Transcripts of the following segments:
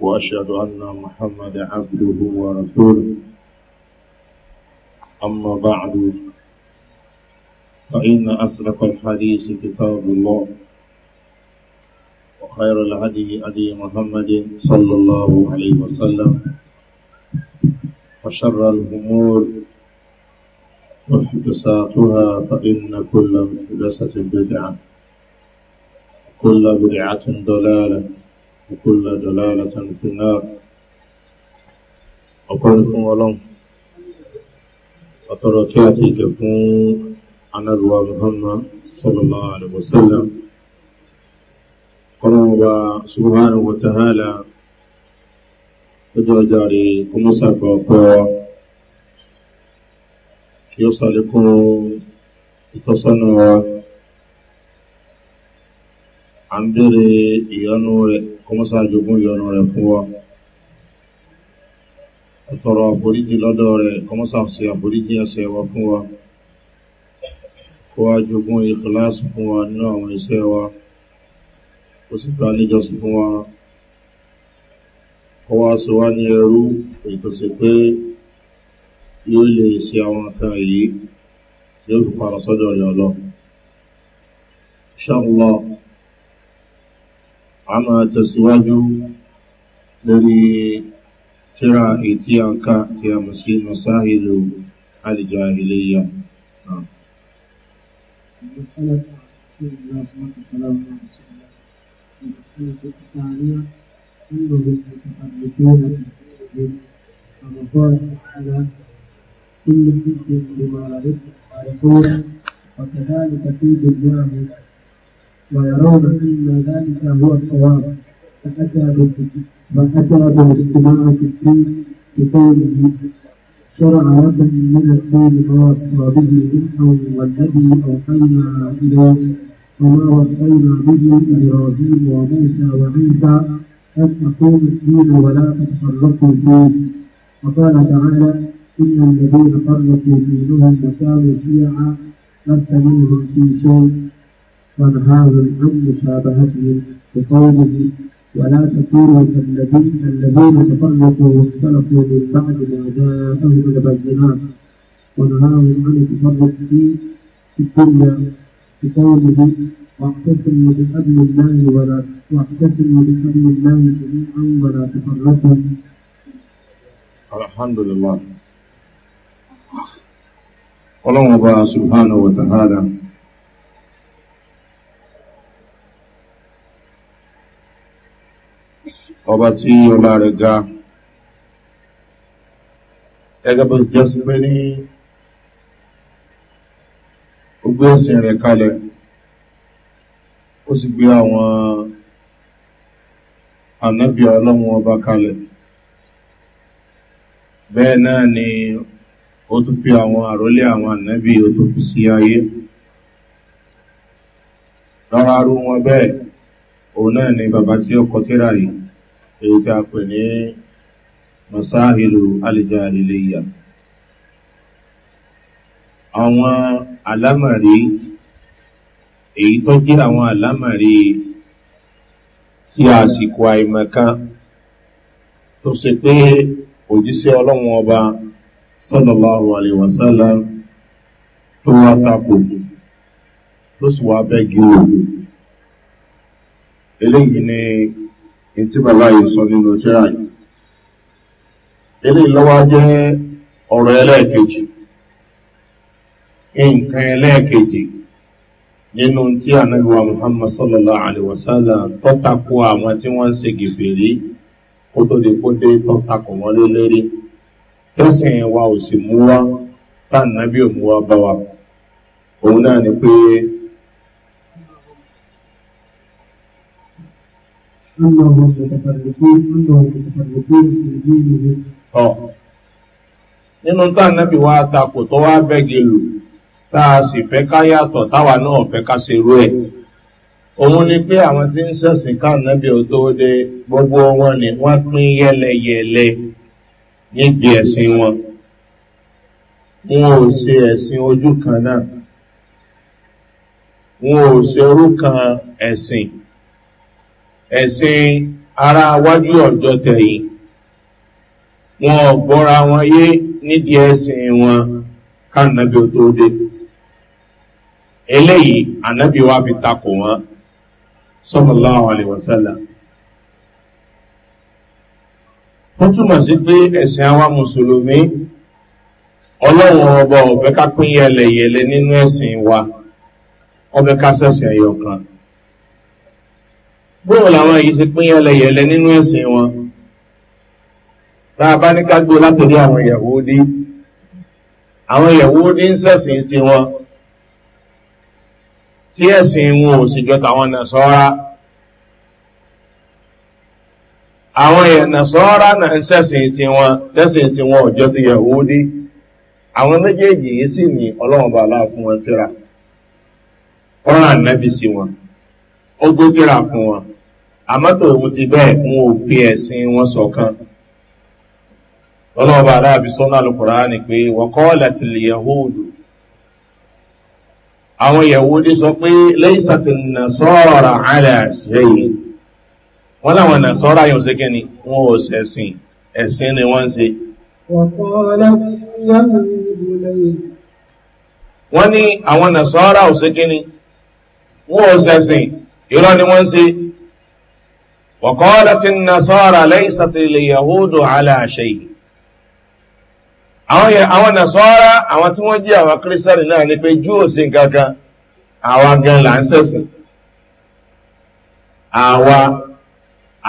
وأشهد أن محمد عبده ورسوله أما بعد فإن أسرق الحديث كتاب الله وخير الهدي هدي محمد صلى الله عليه وسلم وشر الأمور محدثاتها فإن كل محدثة بدعة كل بدعة ضلالة وكل دلالة في النار ọpẹ́ fún ọlọ́run ọ̀tọ̀rọ̀ kí a ti jẹ fún anábíwá muhammad sallallahu alaihi wasallam ọlọ́run wa subhanahu wa ta'ala ọjọ́ ọjọ́ rí kọmọ́sàkọ̀ ọpẹ́ wa kí ó sàlékún ìtọ́sọ́nà wa à ń bèèrè ìyọnu rẹ̀ kọmọ́sá jogún yọnu rẹ̀ fún wa ọ̀tọ̀rọ̀ àforíjì lọ́dọ̀ rẹ̀ kọmọ́sá sí àforíjì ẹsẹ̀ wa fún wa kó wá jogún ìkìláàsì fún wa nínú àwọn iṣẹ́ wa kó sì gbá níjọsí fún wa kó sí wá ní ẹrú ìtòsí pé yóò lè ṣe àwọn nǹkan yìí yóò fi parọ́ sọ́dọ̀ rẹ̀ ọlọ́run. Inshallah. a máa tẹ̀síwájú lórí tíra ètí àǹká tí a mọ̀ sí masáhìlú al-jahiliyya. نعم. كل حزب بما لديهم فرحون وكذلك في دنياهم ويرون أن ذلك هو الصواب فأتى فأتى باجتماع في الدين بقوله شرع لكم من الدين ما وصى به نوحا والذي أوحينا إليه وما وصينا به إبراهيم وموسى وعيسى أن تقوم الدين ولا تتفرقوا فيه وقال تعالى إن الذين فرقوا دينهم وكانوا شيعا لست منهم في شيء ونهاهم عن مشابهتهم بقوله ولا تكونوا كالذين الذين تفرقوا واختلفوا من بعد ما جاءهم البينات ونهاهم عن التفرق في الدنيا بقوله واعتصموا بحبل الله ولا واعتصموا بحبل الله جميعا ولا تفرقوا الحمد لله ọlọ́run ọba سبحانه وتعالى ọba tí ọlá rẹ̀ ga gẹ́gẹ́ bó jẹ́ sí pé ní ó gbé ẹ̀sìn rẹ̀ kalẹ̀ ó sì gbé àwọn ànábì ọlọ́run ọba kalẹ̀ bẹ́ẹ̀ náà ni ó tún fi àwọn àrólé àwọn ànábì ó tún fi sí ayé lọ́rọ̀ arú wọn bẹ́ẹ̀ òun náà ni bàbá tí ó kọtíra yìí èyí tí a pè ní masáhìlú alìjáàlìlẹ́yà àwọn alámàrí èyí tó jẹ́ àwọn alámàrí tí àsìkò àìmọ̀kan tó ṣe pé òjíṣẹ́ ọlọ́run ọba sọ́lọ́láhùn àlèwàsálà tó wá tapò tó sì wá bẹ́ẹ̀ gírò eléyìí ni tí bàbá yìí sọ nínú tíra yìí ilé lọ́wọ́ jẹ́ ọ̀rọ̀ ẹlẹ́ẹ̀kejì nǹkan ẹlẹ́ẹ̀kejì nínú tí ànágbà muhammad sallallahu alaihi wasallam tọ́takú àwọn tí wọ́n kó tó di kó dé wọn lélẹ́rí tẹ́sìn wa ò sì mú wá tá أنهم متفرقون أنهم متفرقون في دينهم nínú tá ànábì wa takò tó wá bẹ́gi lò tá a sì fẹ́ ká yàtọ̀ táwa náà fẹ́ ká ṣerú ẹ̀ òun ni pé àwọn tí ń ṣẹ̀sìn ká ànábì ò tó dé gbogbo wọn ni wọ́n pín yẹ́lẹyẹ̀lẹ níbi ẹ̀sìn wọn wọn ò ṣe ẹ̀sìn ojú kan náà wọn ò ṣerú kan ẹ̀sìn. ẹ̀sìn ara wájú ọ̀jọ́ tẹ̀yìn wọn gbọ́ra wọn yé nídìí ẹ̀sìn wọn kánàbí ó tó dé eléyìí ànábì wa fi takò wọn sọ́mọ́lá àlèwọ̀sálà ó túmọ̀ sí pé ẹ̀sìn awa mùsùlùmí ọlọ́run ọba ọ̀fẹ́ ká pín wa ọbẹ̀ ká gbóhùn làwọn yìí ti pín yẹlẹyẹlẹ nínú ẹ̀sìn wọn tá a bá ní ká gbó látòrí àwọn ìyàwó dé àwọn ìyàwó dé ń sẹ̀sìn ti wọn tí ẹ̀sìn wọn ò sì nà sọ́ra àwọn ìyànà sọ́ra ń sẹ̀sìn ti wọn tẹ̀sìn ti wọn ti àwọn méjèèjì yìí sì ní ọlọ́run wọn wọn. àmọ́ tòun ti bẹ́ẹ̀ fún òpin ẹ̀sìn wọn sọ̀kan ọlọ́ọ̀bà aráàbí sọ́nà lùkùrá ni pé wọ́kọ́ láti lè yahudu àwọn yahudu sọ pé lẹ́yìn sàtìnà ala àlẹ́ àṣẹyìn wọ́n láwọn nà sọ́ọ̀rọ̀ ayọ̀ ṣẹ́kẹ́ ni wọ́n ò ṣẹ̀sìn ẹ̀sìn ni wọ́n ń ṣe. wọ́n ní àwọn nà sọ́ọ̀rọ̀ àṣẹkẹ́ ni wọ́n ò ṣẹ̀sìn irọ́ ni wọ́n ṣe. وقالت النصارى ليست اليهود على شيء àwọn yẹn àwọn nasọ́ra àwọn tí wọ́n jẹ́ àwọn kírísítẹ́nì náà ni pé júù sí kankan àwa gan là ń sẹ̀sìn àwa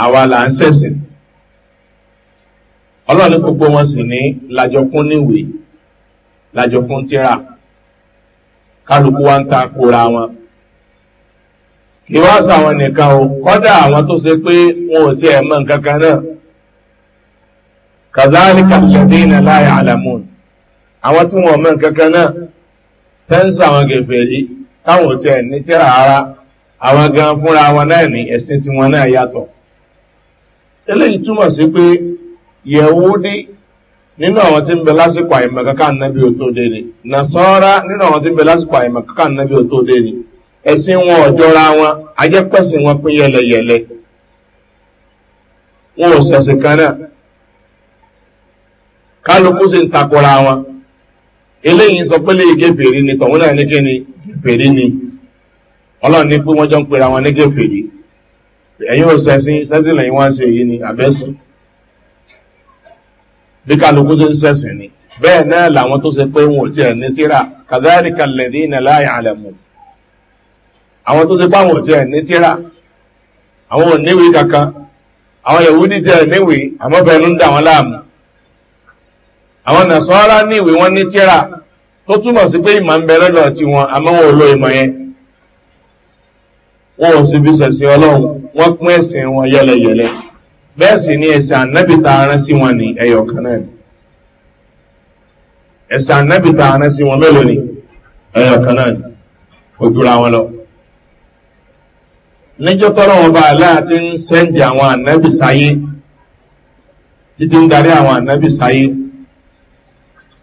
àwa là ń sẹ̀sìn ọlọ́run ní gbogbo wọn sì ní lajọkún níwèé lajọkún tíra kálukú wa ń ta kóra wọn. ìwáṣà àwọn nìkan o kọ́dà àwọn tó ṣe pé wọn ò tiẹ̀ mọ nǹkan kan náà kàzáàlì kàlẹ́dé iná láyà àlàmùn àwọn tí wọn mọ nǹkan kan náà tẹ́ǹsì àwọn gèfè yìí táwọn àwọn gan fúnra wọn náà ní ẹ̀sìn tiwọn náà yàtọ̀ eléyìí túmọ̀ sí pé yẹ̀wúdí nínú àwọn tí ń bẹ lásìkò àyèmọ̀ kankan nábì tó dé ni nínú àwọn tí ń bẹ lásìkò àyèmọ̀ ẹ̀sìn wọn ọ̀jọ́ra wọn ajẹ́pẹ̀sìn wọn pín yẹlẹyẹlẹ wọn ò sẹ̀sìn kan náà kálukú sì ń takora wọn eléyìí sọ pé léyìí gèfèrí ni tọ̀hún náà ní kí ni gèfèrí ni ọlọ́run ní pé wọ́n jọ ń pera wọn ní gèfèrí ẹ̀yin ò sẹ́sìn sẹ́sìn lẹ́yìn wọ́n ṣe èyí ni àbẹ́sùn bí kálukú tó ń sẹ́sìn ni bẹ́ẹ̀ náà làwọn tó ṣe pé wọn ò tiẹ̀ ní tíra kàdáàrí kalẹ̀ ní ìnàláyà àlẹ́mù àwọn tó ti báwọn òtí ẹ̀ ní tíra àwọn òníwèé kankan àwọn yahudi tẹ níwèé àmọ́ bẹ́ẹ̀ ló ń dà wọ́n láàmú àwọn nàṣọ́ra níwèé wọ́n ní tíra tó túmọ̀ sí pé ìmọ̀ ń bẹ lọ́dọ̀ tí wọn àmọ́ wọn ò lo ìmọ̀ yẹn wọn ò sì fi sẹ̀sìn ọlọ́run wọ́n pín ẹ̀sìn wọn yẹlẹyẹlẹ bẹ́ẹ̀ sì ni ẹ̀sìn ànábìta aran sí wọn ní ẹ̀yọ̀ kan náà ni ẹ̀sìn ànábìta aran sí wọn mélòó ni ẹ̀yọ̀ kan náà ni kò wọn lọ. níjọ́ tọ́rọ̀ wọn bá aláàtí ń sẹ́ndì àwọn ànábì sáyé títí ń darí àwọn ànábì sáyé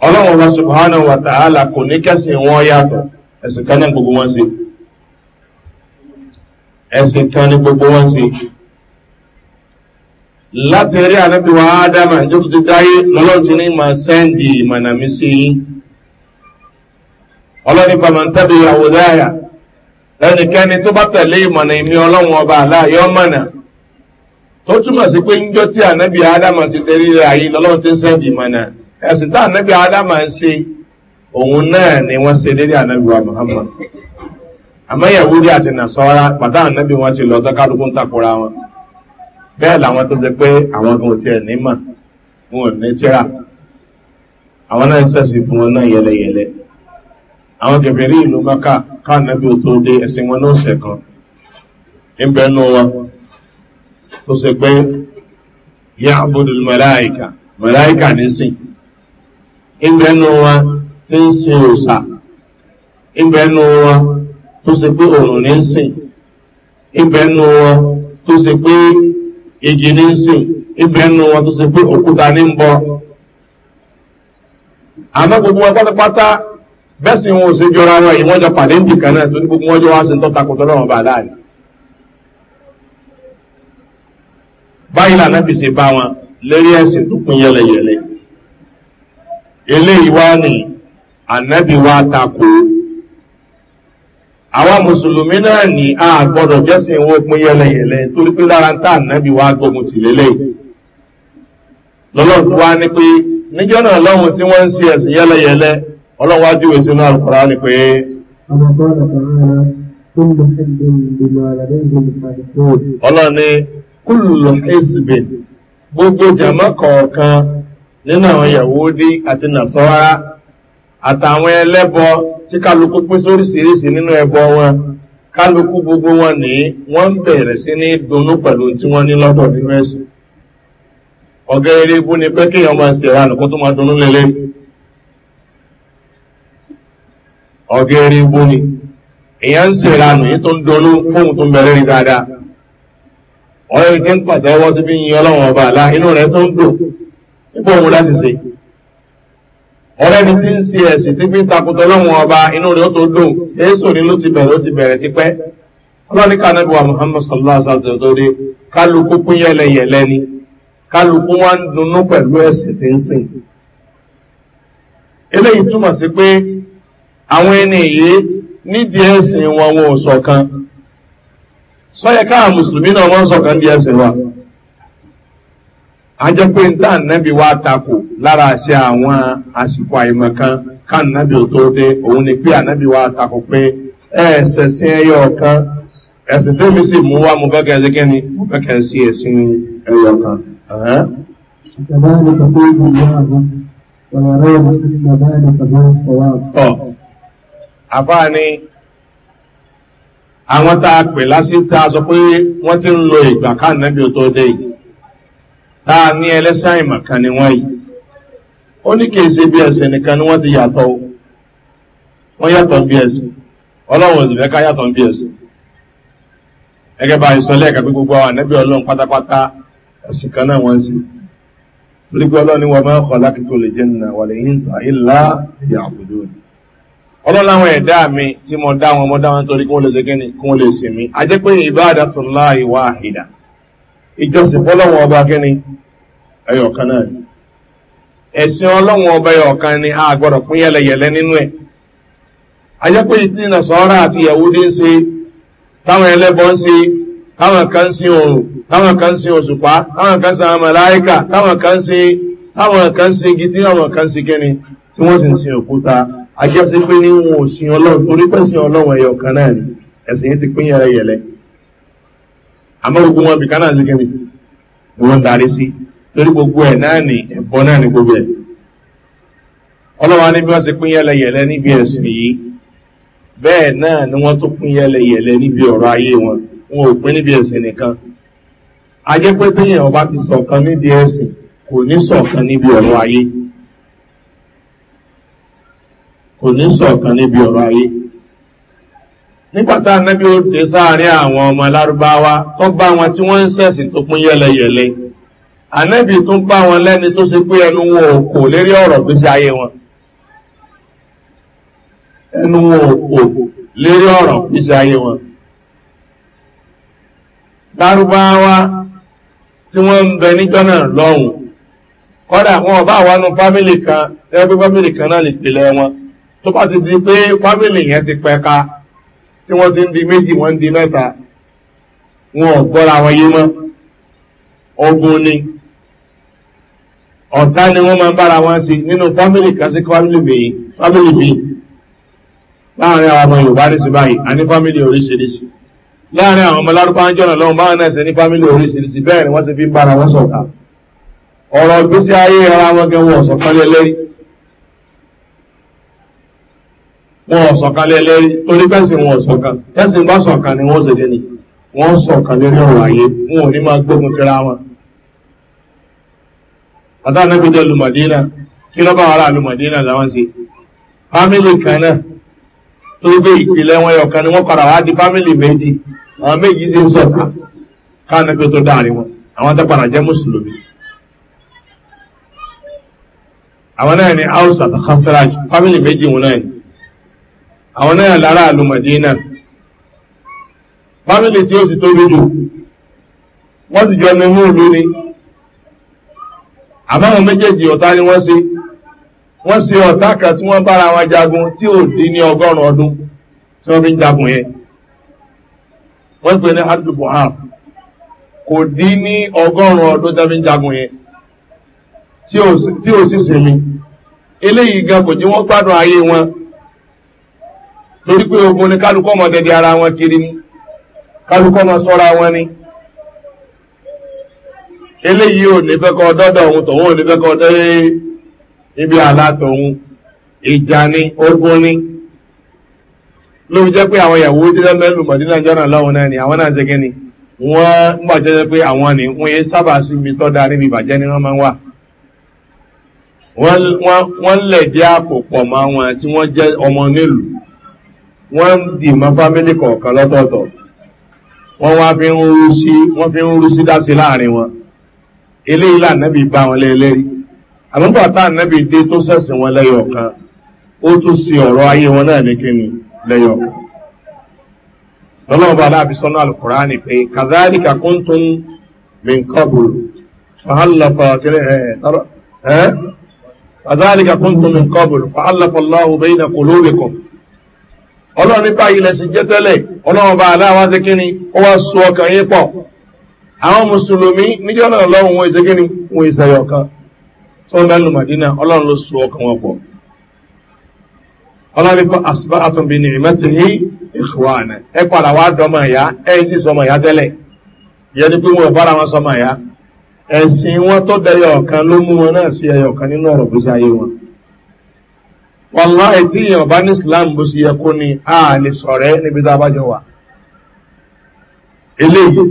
ọlọ́wọ́n bá subhanahu wa ta'ala kò ní kẹ́sìn wọn yàtọ̀ ẹ̀sìn kan ní gbogbo wọn sí ẹ̀sìn kan ní gbogbo wọn sí láti rí wa ádámà níjọ́ tó ti dáyé lọ́lọ́run ti ní máa sẹ́ndì ìmọ̀nàmí sí yín ẹnikẹni tó bá tẹ̀lé ìmọ̀nà ìmí ọlọ́run ọba aláyọ̀ mọ̀nà tó túmọ̀ sí pé níjọ́ tí ànábì ádámà ti tẹ̀lé rẹ̀ ayé lọ́lọ́run ti ń sẹ́ẹ̀dì ìmọ̀nà ẹ̀sìn tá ànábì ń ṣe òun náà ni wọ́n ṣe dédé ànábì wa muhammad rí àti nàṣọ́ra ànábì lọ dọ́kàlùkù ń takora wọn bẹ́ẹ̀ làwọn tó ṣe pé àwọn tiẹ̀ ní mà wọn ò ní tíra àwọn náà káànábì ò tó dé ẹ̀sìn wọn náà ṣẹ̀kan ìbẹ̀nú wọn tó ṣe pé yá àbúdó mẹ́láìkà mẹ́láìkà ní sìn ìbẹ̀nú wọn tí ń sin òòsà ìbẹ̀nú wọn tó ṣe pé òrùn ní sìn ìbẹ̀nú wọn tó ṣe pé igi ní sìn ìbẹ̀nú wọn tó ṣe pé òkúta ní ń àmọ́ gbogbo wọn pátápátá bẹ́ẹ̀ sì wọn ò ṣe jọra wọn yìí wọ́n jọ pàdé ńdì kan náà tó ní gbogbo wọn jọ wá sí tọ́ta kò tọ́lọ́ wọn bá láàyè. báyìí lànà fi ṣe bá wọn lérí ẹ̀sìn tó pin yẹlẹyẹlẹ eléyìí wá ní ànábì wá takò àwa mùsùlùmí náà ní a gbọdọ̀ jẹ́sìn wọn pin yẹlẹyẹlẹ torí pé lára ń tà ànábì wá gbógun tì lélẹ́yìí lọ́lọ́run ní pé níjọ́ náà lọ́hùn tí wọ́n ń ṣe ẹ̀sìn yẹlẹyẹlẹ ọlọ́wọ́ ajúwe sínú àlùkọ́rá ni pé ọlọ́ni kúlùlù hezbin gbogbo jama kọ̀ọ̀kan nínú àwọn yahudi àti nasọ́ra àtàwọn ẹlẹ́bọ tí kálukú pín sóríṣiríṣi nínú ẹbọ wọn kálukú gbogbo wọn ní wọ́n bẹ̀rẹ̀ sí ní dunnú pẹ̀lú tí wọ́n ní lọ́dọ̀ nínú ẹ̀sìn eré ni pé kéèyàn máa ṣèrànù kó tó máa dunnú lélẹ́yìn ọ̀gá eré igbó ni èèyàn ń sèrànù yìí tó ń fóun tó ń bẹ̀rẹ̀ rí dáadáa ọ̀rẹ́ ti ń pàtẹ́wọ́ tó fi ń ọba àlá inú rẹ tó ń dò nípa òun láti ṣe ọ̀rẹ́ mi ti ń ṣe tí fi ń takùtà ọba inú tó dò èso ni ló ti ó ti wa sallallahu alaihi wa sallam tó dé kálukú pín àwọn ẹni nídìí ẹ̀sìn wọn wọn ò sọ̀kan sọ́yẹ káà mùsùlùmí náà wọ́n sọ̀kan sí wa a pé níta nẹ́bí wa lára àṣẹ àwọn àsìkò àìmọ̀kan ká nẹ́bí ò tó dé òun ni pé ànẹ́bí wa takò pé ẹ̀ẹ̀sẹ̀ sí ẹyọ ọ̀kan tó mi sì mú wa mo fẹ́kẹ̀ sí mo sí ẹyọ Ìjọba ẹni tó ọ̀rọ̀ àbá ni àwọn tá a pè lásìkò a sọ pé wọ́n ti ń lo ìgbà káànábì tó dé yìí tá a ní ẹlẹ́sẹ̀ àìmọ̀ kan ni wọ́n yìí ó ní kì í ṣe bí ẹ̀sìn nìkan ni wọ́n ti yàtọ̀ wọ́n yàtọ̀ bí ẹ̀sìn ọlọ́run ká yàtọ̀ bí gẹ́gẹ́ bá ìsọlẹ̀ ẹ̀ka gbogbo àwọn ànábì ọlọ́run pátápátá ẹ̀sìn kan náà wọ́n ń sìn torí ọlọ́run ni wọ́n máa ń kọ́ lákìtò ọlọ́run láwọn ẹ̀dá mi tí mo dá wọn mo dá wọn torí kí wọ́n lè ṣe kí a jẹ́ pé ìbáàdà tó lá ìwà àhìdà ìjọsìn fọlọ́wọ́n ọba kíni náà ẹ̀sìn ọba a gbọ́dọ̀ pín yẹlẹyẹlẹ nínú ẹ̀ a jẹ́ pé àti yahudi ń ṣe táwọn ẹlẹ́bọ̀ ń ṣe táwọn kan táwọn kan òṣùpá táwọn kan táwọn kan táwọn ajẹ́sí pé ní wọn ò sin ọlọ́run torí pé sin ọlọ́run ẹ̀yọ̀ kan náà ni ẹ̀sìn yìí ti pín yẹrẹ yẹlẹ àmọ́ gbogbo wọn bìkan náà lókè mi ni wọ́n darí sí torí gbogbo ẹ̀ náà ni ẹ̀bọ náà ni gbogbo ẹ̀ ọlọ́run á ní bí wọ́n ti pín yẹlẹ yẹlẹ níbi ẹ̀sìn yìí bẹ́ẹ̀ náà ni wọ́n tó pín yẹlẹ yẹlẹ níbi ọ̀rọ̀ ayé wọn wọn ò pín níbi ẹ̀sìn nìkan ajẹ́pẹ́ téèyàn ọba ti sọ̀kan níbi ẹ̀sìn kò ní sọ̀kan níbi ọ̀rọ̀ ayé kò ní sọ̀kan níbi ọ̀rọ̀ ayé nígbàtá anábí ó dé sáàrin àwọn ọmọ lárúbáwá tó bá wọn tí wọ́n ń sẹ̀sìn tó pín yẹlẹyẹlẹ anábì tún bá wọn lẹ́ni tó ṣe pé ẹnu wọn ò kò lérí ọ̀rọ̀ gbèsè ayé wọn ẹnu wọn ò kò lérí ọ̀rọ̀ gbèsè ayé wọn lárúbáwá tí wọ́n ń bẹ níjọ́ náà lọ́hùn kọ́dà wọn ọba àwọn fámìlì kan ẹgbẹ́ fámìlì kan náà lè pèlẹ́ wọn tó bá ti di pé fámìlì yẹn ti pẹka tí wọ́n ti ń di méjì wọ́n ń di mẹ́ta wọn ò gbọ́ra wọn yé mọ́ ogun ni ọ̀tá ni wọ́n máa ń bára wọn sí nínú fámìlì kan sí fámìlì bèyí fámìlì bíi láàrin àwọn ọmọ yorùbá ní sí báyìí a ní fámìlì oríṣiríṣi láàrin àwọn ọmọ lárúbá ń jọ̀nà lọ́wọ́ báwọn náà ṣe ní fámìlì oríṣiríṣi bẹ́ẹ̀ ni wọ́n ti fi ń bára wọn sọ̀tà ọ̀rọ̀ gbèsè ayé ara wọn gẹ́wọ́ ọ̀sọ̀kan lé lẹ́yìn wọn sọ̀kalẹ̀ lẹ́rí torí pẹ́sì wọn sọ̀kan tẹ́sì bá sọ̀kan ni wọ́n sẹ̀dẹ̀ ni wọ́n sọ̀kan lórí ọ̀rọ̀ ayé wọn ò ní máa gbógun kíra wọn bàtà anábìdẹ̀ lùmọ̀dínà kí lọ́ bá ara lùmọ̀dínà làwọn sí fámìlì kan náà tó gbé ìpìlẹ̀ wọn yọ̀kan ni wọ́n padà wá di fámìlì méjì àwọn méjì sí sọ̀kan káànábì tó dáàrí wọn àwọn tẹ́pàdà jẹ́ mùsùlùmí àwọn náà ni fámìlì méjì wọn náà ni àwọn náà lára àlùmọ̀dé náà fámílì tí ó sì tó lójú wọ́n sì jọ ní mú lórí àbáwọn méjèèjì ọ̀tá ni wọ́n sí wọ́n sí ọ̀tá kan tí wọ́n bára wọn jagun tí ò dín ní ọgọ́rùn ọdún tí wọ́n fi ń jagun yẹn wọ́n pè ní adùbọ̀ hàn kò dín ní ọgọ́rùn ọdún tí wọ́n fi ń jagun yẹn tí ò sì sinmi eléyìí gan kò ní wọ́n gbádùn ayé wọn lórí pé ogun ni kálukọ́ ọmọ dẹ̀dẹ̀ ara wọn kiri ni kálukọ́ ọmọ sọ́ra wọn ni eléyìí ò ní fẹ́kọ̀ dọ́dọ̀ òun tòun ò ní fẹ́kọ̀ dẹ́yẹ ibi àlá ìjà ni ogun ni ló fi jẹ́ pé àwọn ìyàwó jíjẹ́ mẹ́lù mọ̀dínà jọ́nà lọ́wọ́ náà ni àwọn náà ṣe kí ni wọ́n gbà jẹ́ pé àwọn ni wọ́n yé sábà sí mi tọ́ da níbi ìbàjẹ́ ni wọ́n máa ń wà wọ́n lẹ̀ dí àpò pọ̀ mọ́ àwọn tí wọ́n jẹ́ ọmọ nílùú wọ́n ń dì mọ́ fámílì kọ̀ọ̀kan lọ́tọ̀ọ̀tọ̀ wọ́n wá fi ń rú sí wọ́n fi ń rú sí dáṣe láàrin wọn eléyìí lànàbì bá wọn lẹ́lẹ́rí àmúgbà tá ànàbì dé tó sẹ̀sìn wọn lẹ́yọ̀ kan ó tún sí ọ̀rọ̀ ayé wọn náà ní kíni lẹ́yọ̀ kan bá aláàbí sọ́nà alukùránì pé kàzáríkà kún tún min fàhálàfà kiri ẹ̀ ẹ́ kàzáríkà kún tún min fàhálàfà lọ́wọ́ bẹ́yìn kòlóbìkùn ọlọ́run nípa ilẹ̀ sì jẹ́ tẹ́lẹ̀ ọlọ́run bá aláwa ṣe kíni ó wá so ọkàn yín pọ̀ àwọn mùsùlùmí níjọ́ náà lọ́run wọn ṣe kíni wọn ìṣẹ̀yọ̀ kan tó ń bẹ́nu màdínà ọlọ́run ló so ọkàn wọn pọ̀ ọlọ́run nípa àṣìbá àtúnbí ni ìmẹ́tì ní ìṣùwànà ẹ padà wá dọ́mọ ẹ̀yá ẹ̀ sì sọmọ ẹ̀yá tẹ́lẹ̀ ìyẹn ni pé wọn ò bára wọn sọmọ ẹ̀yá ẹ̀sìn wọn tó dẹyọ ọ̀kan ló mú wọn náà sí ẹyọ ọ̀kan nínú ọ̀rọ̀ gbèsè ayé wọn wàlá ẹ̀tí èèyàn bá ní islam bó sì yẹ kó ni a lè sọ̀rẹ́ níbi tá a bá jọ wà eléyìí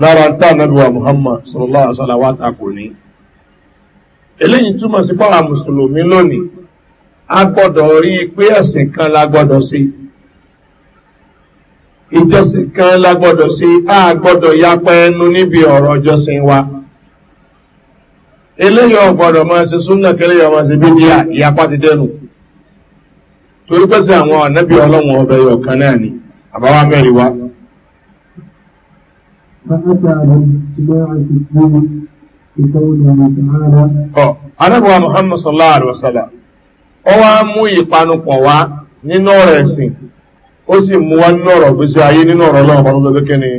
lára ń tà wa muhammad sallallahu alaihi wa sallam wa ta kò ní eléyìí túmọ̀ sí pàrà mùsùlùmí lónìí a gbọ́dọ̀ rí i pé ẹ̀sìn kan la gbọ́dọ̀ sí ìjọsìn kan la gbọ́dọ̀ sí a gbọ́dọ̀ yapa ẹnu níbi ọ̀rọ̀ ìjọsìn wa eléyìí ọ̀gbọ́dọ̀ máa ṣe súnà kẹlẹ́yọ̀ máa ṣe bí ìyapa ti dẹnu. torí pẹ́sẹ̀ àwọn ọ ọlọ́wọ̀n ọbẹ̀ yọ̀ kan náà ni àbáwá mẹ́rin wá. anábìwá muhammad sallallahu alaihi wasallam ọ wá mú ìpanupọ̀ wá nínú ọ̀rọ̀ ẹ̀sìn ó sì mú wá nínú ọ̀rọ̀ gbèsè ayé nínú ọ̀rọ̀ ọlọ́run ọ̀rọ̀ lọ́dọ̀ kẹ́ni.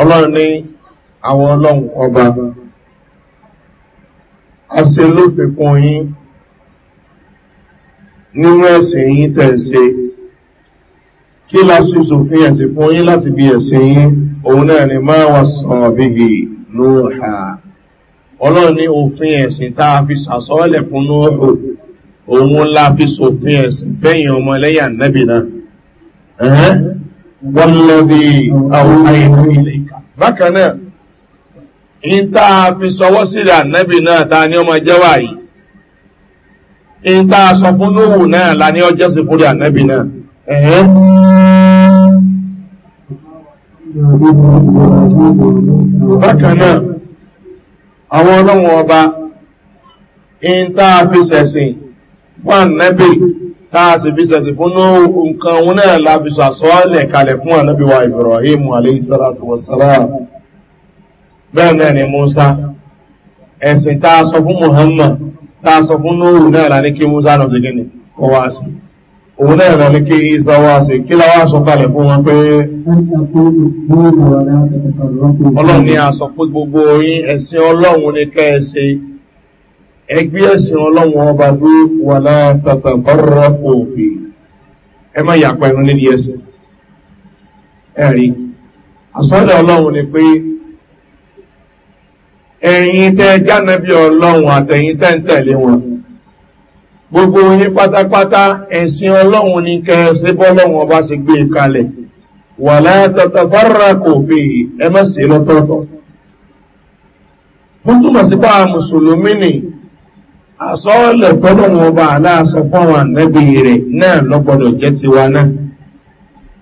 ọlọ́run ní àwọn ọlọ́run ọba a se lófikún yín nínú ẹ̀sìn yín tẹ̀sẹ̀ kí la ṣe sòfin ẹ̀sìn fún yín láti bí ẹ̀sìn yín òun náà ni máa wà sàn bíhì lóòhà ọlọ́run ní òfin ẹ̀sìn tá a fi sàsọ́ọ̀lẹ̀ fún lóòhù òun la fi sòfin ẹ̀sìn fẹ́yìn ọmọ ẹlẹ́yà nẹ́bì náà wọ́n lọ bí àwọn ayé bákan náà ìta fi sọwọ́ sílẹ̀ ànẹ́bì náà ta ọmọ jẹ́wà yìí ìta sọ fún lóòwò náà la ní ọjọ́ sí fúrí ànẹ́bì náà bákan náà àwọn ọlọ́run ọba ìta fi sẹ̀sìn fún ànẹ́bì táà sì fi sẹ̀sìn fún nǹkan òun náà la fi sọ àsọ́ọ́lẹ̀ kalẹ̀ fún wa ibrahim bẹ́ẹ̀ náà ni musa ẹ̀sìn tá a sọ fún muhammad tá a sọ fún nóòrù náà lá ní kí musa lọ sí gíní kó sí òun náà lọ ní kí isa wá sí kí la sọ kalẹ̀ fún wọn pé ọlọ́run ni a sọ pé gbogbo yín ẹ̀sìn ọlọ́run ní ká ẹ ṣe ẹgbẹ́ ẹ̀sìn ọlọ́run ọba ló wà látàtà bọ́rọ̀ òfin ẹ má yàpá ẹnu nídìí ẹsẹ̀ ẹ̀rí àsọ́dọ̀ ọlọ́run ni pé ẹ̀yin tẹ́ jánàbí ọlọ́run àtẹ̀yin tẹ́ ń tẹ̀lé wọn gbogbo yín pátápátá ẹ̀sìn ọlọ́run ní kẹsí bọ́lọ́run ọba sì gbé e kalẹ̀ wà látọ̀tọ̀ fárá kò fi ẹmẹ́sì lọ́tọ̀ọ̀tọ̀ wọ́n túnmọ̀ sí bá mùsùlùmí nì àsọ́ọ̀lẹ̀ tọ́lọ́run ọba aláàsọ fáwọn ànẹ́bí rẹ̀ náà lọ́gbọ́dọ̀ jẹ́ tiwa náà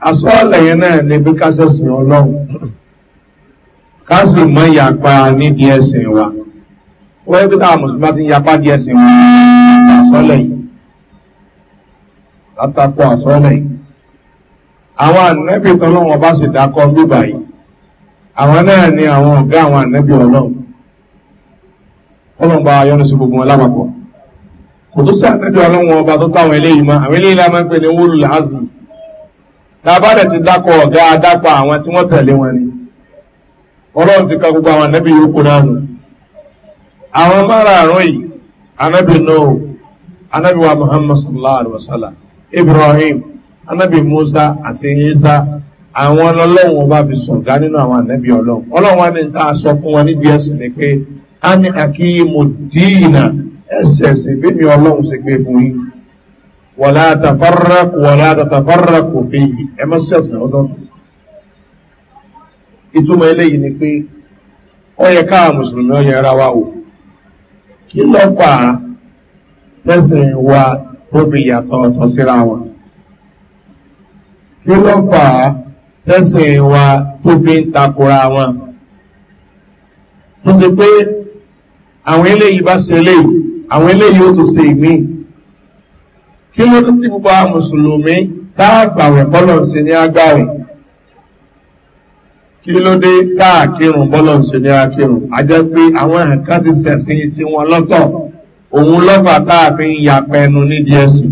àsọ́ọ̀lẹ̀ yẹn náà ní bí kásẹ̀sìn ọlọ́run ká sì mọ ìyapa nídìí ẹ̀sìn wa ó yẹ kí táwọn mùsùlùmí ti ń yapa díẹ̀ wa àsọ́lẹ̀ yìí látàkọ àsọ́lẹ̀ yìí àwọn ànẹ́bí tọ́lọ́wọ́n bá sì dákọ́ yìí àwọn náà ni àwọn ọ̀gá àwọn ànẹ́bí ọlọ́run ọlọ́run bá sí gbogbo wọn lápapọ̀ kò tó sí ànẹ́bí ọlọ́run ọba tó táwọn eléyìí mọ́ àwọn eléyìí la máa awọn ní wúlù tá a bá dẹ̀ ti dákọ̀ ọ̀gá adápa àwọn tí wọ́n tẹ̀lé wọn ni ọlọ́run ti ka gbogbo àwọn anábì yòókù náà nù àwọn márààrún yìí anábì náà anábì wa muhammad sallallahu alaihi wa sallam ibrahim anábì musa àti isa àwọn ọlọ́run ọba fi sọ̀gá nínú àwọn anábì ọlọ́run ọlọ́run wa ni ta sọ fún wọn níbi ẹ̀sìn ni pé a ní akíyèmó dìínà ẹsẹ̀ ẹ̀sìn bí mi ọlọ́run ṣe gbé fún yín wọ̀lá àtàfáràkù wọ̀lá àtàfáràkù fi yìí ẹ má ṣẹ̀sìn ọlọ́run ìtumọ̀ eléyìí ni pé ó yẹ káà mùsùlùmí ó yẹ ara wa wò kí ló fà á tẹ́sìn wa tó fi yàtọ̀ ọ̀tọ̀ síra wọn kí ló fà á tẹ́sìn wa tó fi ń takora wọn tó ṣe pé àwọn eléyìí bá ṣe eléyìí àwọn eléyìí ó tó ṣe ìmíì kí ló dé tí gbogbo àwọn mùsùlùmí tá àgbàwẹ̀ bọ́lọ̀ ṣe ní agbáwẹ̀ kí ló dé káàkírun bọ́lọ̀ ṣe ní akírun a jẹ́ pé àwọn nǹkan ti sẹ̀sìn tí wọ́n lọ́tọ̀ òun lọ́fà táàfin yàpẹnu nídìí ẹ̀sìn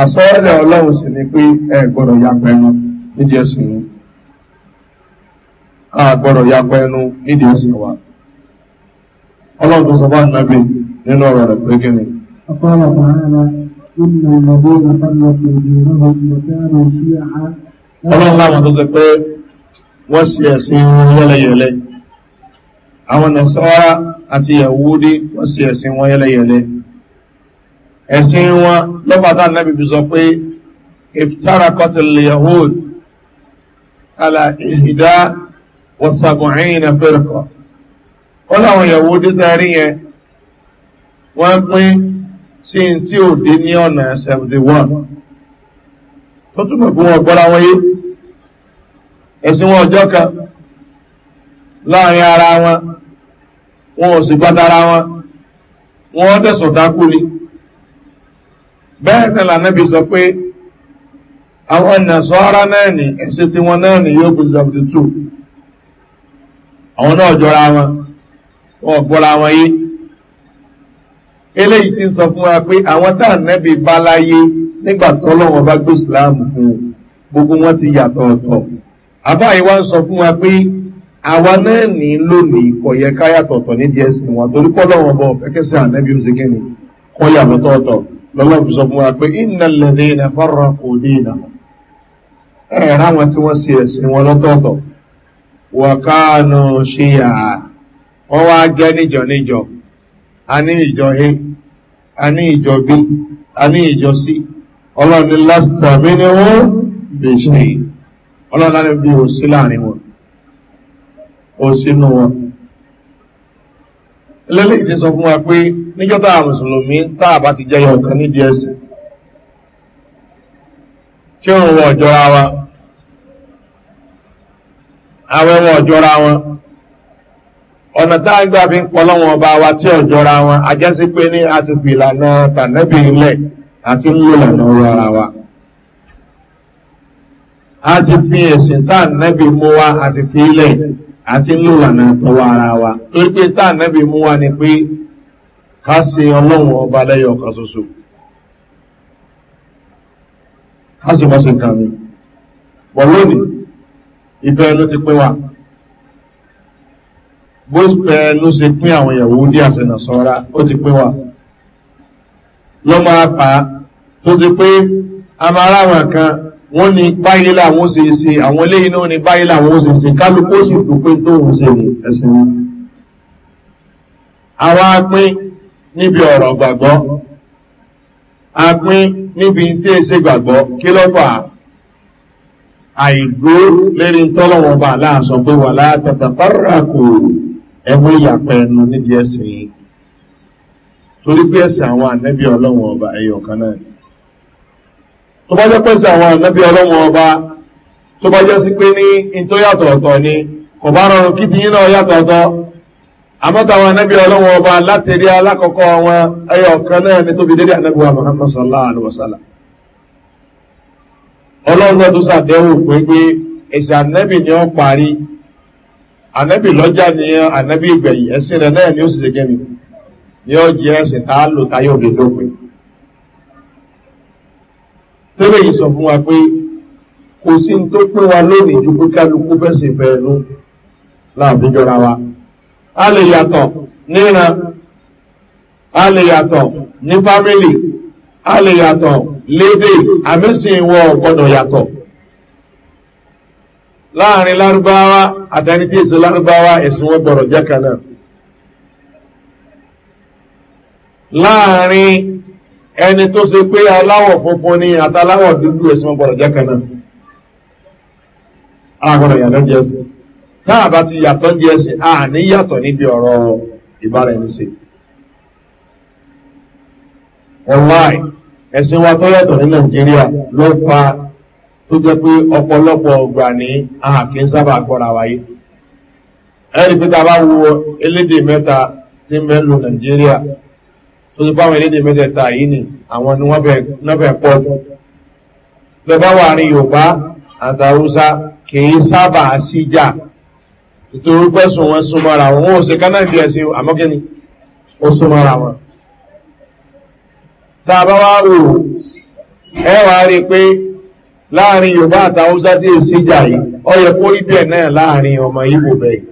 àsọ́ọ́lẹ̀ ọlọ́run sì ni pé ẹ gbọ́dọ̀ yàpẹnu nídìí ẹ̀sìn ni a gbọ́dọ̀ yàpẹnu nídìí ẹ̀sìn wa ọlọ́run tó sọ bá nàbì nínú ọ̀rọ̀ rẹ̀ pé kíni. ọ̀pọ̀lọpọ̀ ààrẹ nínú ìlọ́gbọ́n ọ̀pọ̀lọpọ̀ ìdí wọ́n sí ẹ̀sìn wọn yẹ́lẹ̀yẹ̀lẹ́ àwọn nàṣọ́rá àti yẹ̀wúdí wọ́n sí ẹ̀sìn wọn yẹ́lẹ̀yẹ̀lẹ́ ẹ̀sìn wọn lọ́pàá náàbì bí sọ pé iftara kọtìlì yahood ala ìhìdá wasagunrin na fẹ́rẹ̀kọ́ ó láwọn yẹ̀wúdí tẹ́rí yẹn wọ́n pín sí tí ò ní ọ̀nà 71 tó túnbọ̀ bí wọ́n gbọ́ra wọ́n yìí ẹ̀sìn wọn ọjọ́ kan láàrin ara wọn wọn ò sì gbátara wọn wọn tẹ̀sùn dákú ni bẹ́ẹ̀ náà lànàbí sọ pé àwọn nàṣọ́ra náà ní ẹ̀sìn tí wọn náà ní yóò bí 72 àwọn náà jọra wọn wọn gbọ́ra wọn yìí eléyìí ti ń sọ fún wa pé àwọn tá à bá láyé nígbà tọ́lọ́wọ́n bá gbé ìsìláàmù fún gbogbo wọn ti yàtọ̀ ọ̀tọ̀ àbáyé wá ń sọ fún wa pé àwa náà ní lónìí kọ̀ yẹ káyà tọ̀tọ̀ ní díẹ̀ sí wọn torí pọ́ lọ́wọ́ bọ̀ fẹ́kẹ́sẹ̀ ànábì òsèké ni kọ́ yà mọ́ tọ̀ọ̀tọ̀ sọ fún wa pé iná lẹ́dẹ̀ iná fọ́rọ̀ kò dé iná ẹ̀ ráwọn tí wọ́n ṣe ẹ̀sìn wọn lọ́tọ̀ọ̀tọ̀ wà káànù ṣe yà wá jẹ́ níjọ níjọ a ní ìjọ a a ní ìjọ b a ní ìjọ c ọlọ́run ni last time ní wọ́n ọlọ́lá ní bí o sí láàrin wọn o sínú wọn lẹ́lẹ́ ìdí sọ fún wa pé níjọ́ta mùsùlùmí tá a bá ti jẹ́ ọ̀kan ní díẹ̀ sí tí ó ń wọ ọ̀jọ́ra wa àwọn ẹwọ ọ̀jọ́ra wọn ọ̀nà tá a gbà fi ń pọ̀ lọ́wọ́ ọba wa tí ọ̀jọ́ra wọn ajẹ́sí pé ní a ti pè ìlànà tànẹ́bì ilẹ̀ àti ń wò lànà ọ̀rọ̀ ara wa. Ha ti fi ẹ̀sìn taa nẹ́bì mú wa àti fi ilẹ̀ àti lòlànà tọwọ́ ara wa torí pé táà mú ni pé ká ọlọ́run ọba lẹ́yọ ọ̀kan ṣoṣo ká sì mọ́ sí nǹkan mi bọ̀ lónìí ìfẹ́ ti pín wa bó fẹ́ ló se pín àwọn ìyàwó ní àṣẹnà sọ́ra ó ti pín wa lọ́mọ apá tó ti pé a máa ráwọn wọ́n ní báyé láwọn ṣe ṣe àwọn ilé iná ní báyé láwọn ṣe ṣe kálukú sì dúpé tó ń ṣe ní ẹ̀sìn wọn àwa pín níbi ọ̀rọ̀ gbàgbọ́ a pín níbi tí è ṣe gbàgbọ́ kí lọ́pàá àìgbó lérí tọ́lọ́wọ́n bá láàṣọ pé wà látàtà fáràkù ẹ̀wọ́n ìyàpẹ̀ ẹnu níbi ẹ̀sìn torí pé ẹ̀sìn àwọn ànẹ́bí ọlọ́wọ́n ọba ẹ̀yọ̀ kan náà tó bá jẹ́ pẹ́sẹ̀ àwọn ànábí ọlọ́wọ́ ọba tó bá jẹ́ sí pé ní ìtó yàtọ̀ọ̀tọ̀ ni kò bá rọrùn kí tiyín náà yàtọ̀ọ̀tọ̀ àmọ́tàwọn ànábí ọlọ́wọ́ ọba láti rí alákọ̀ọ́kọ́ wọn ẹyọ ọ̀kan náà ni tóbi dédé ànábí wa muhammad sallallahu ọlọ́run tó sàdéhùn pé pé ànábì ni ó parí ànábì lọ́jà ni ànábì ìgbẹ̀yìn ẹ̀sìn tẹ́lẹ̀ yìí sọ fún wa pé kò sí tó pín wa lónìí ju pé kálukú fẹ́sẹ̀ fẹ́ẹ̀nú láàbí jọra wa a lè yàtọ̀ níran a lè yàtọ̀ ní fámílì a lè yàtọ̀ lédè àmísìn ìwọ gbọdọ̀ yàtọ̀ láàrin lárúbáwá àtẹni tí èso lárúbáwá ẹ̀sìn wọn gbọ̀rọ̀ jẹ́ kan náà láàrin ẹni tó ṣe pé aláwọ̀ funfun ni àtàláwọ̀ dúdú ẹ̀sùn ọgbọ̀rọ̀ jẹ́ kan náà agbọ̀rọ̀ yàtọ̀ jẹ́ sí táà bá ti yàtọ̀ jẹ́ sí àní níbi ọ̀rọ̀ ìbára ẹni sí ọ̀láì ẹ̀sìn wa tó yàtọ̀ ní nàìjíríà ló fa tó jẹ́ pé ọ̀pọ̀lọpọ̀ ọgbà ní àhàkí ń sábà gbọ́ra wáyé ẹni pé ta bá wo tó ti báwọn elédè mẹ́tẹ̀ẹ̀ta yìí ni àwọn ni wọ́n bẹ̀ pọ̀ jù lọ́bá wà ní yorùbá àtàrúsá kìí sábà síjà nítorí pẹ́sùn wọn súnmọ́ra wọn wọn ò sí kánà bí ẹ̀sìn àmọ́kíní ó súnmọ́ra wọn tá a bá wá rò ẹ wá rí pé láàrin yorùbá àtàrúsá tí èsì jà yìí ọ yẹ kó rí bẹ́ẹ̀ náà láàrin ọmọ ibo bẹ́ẹ̀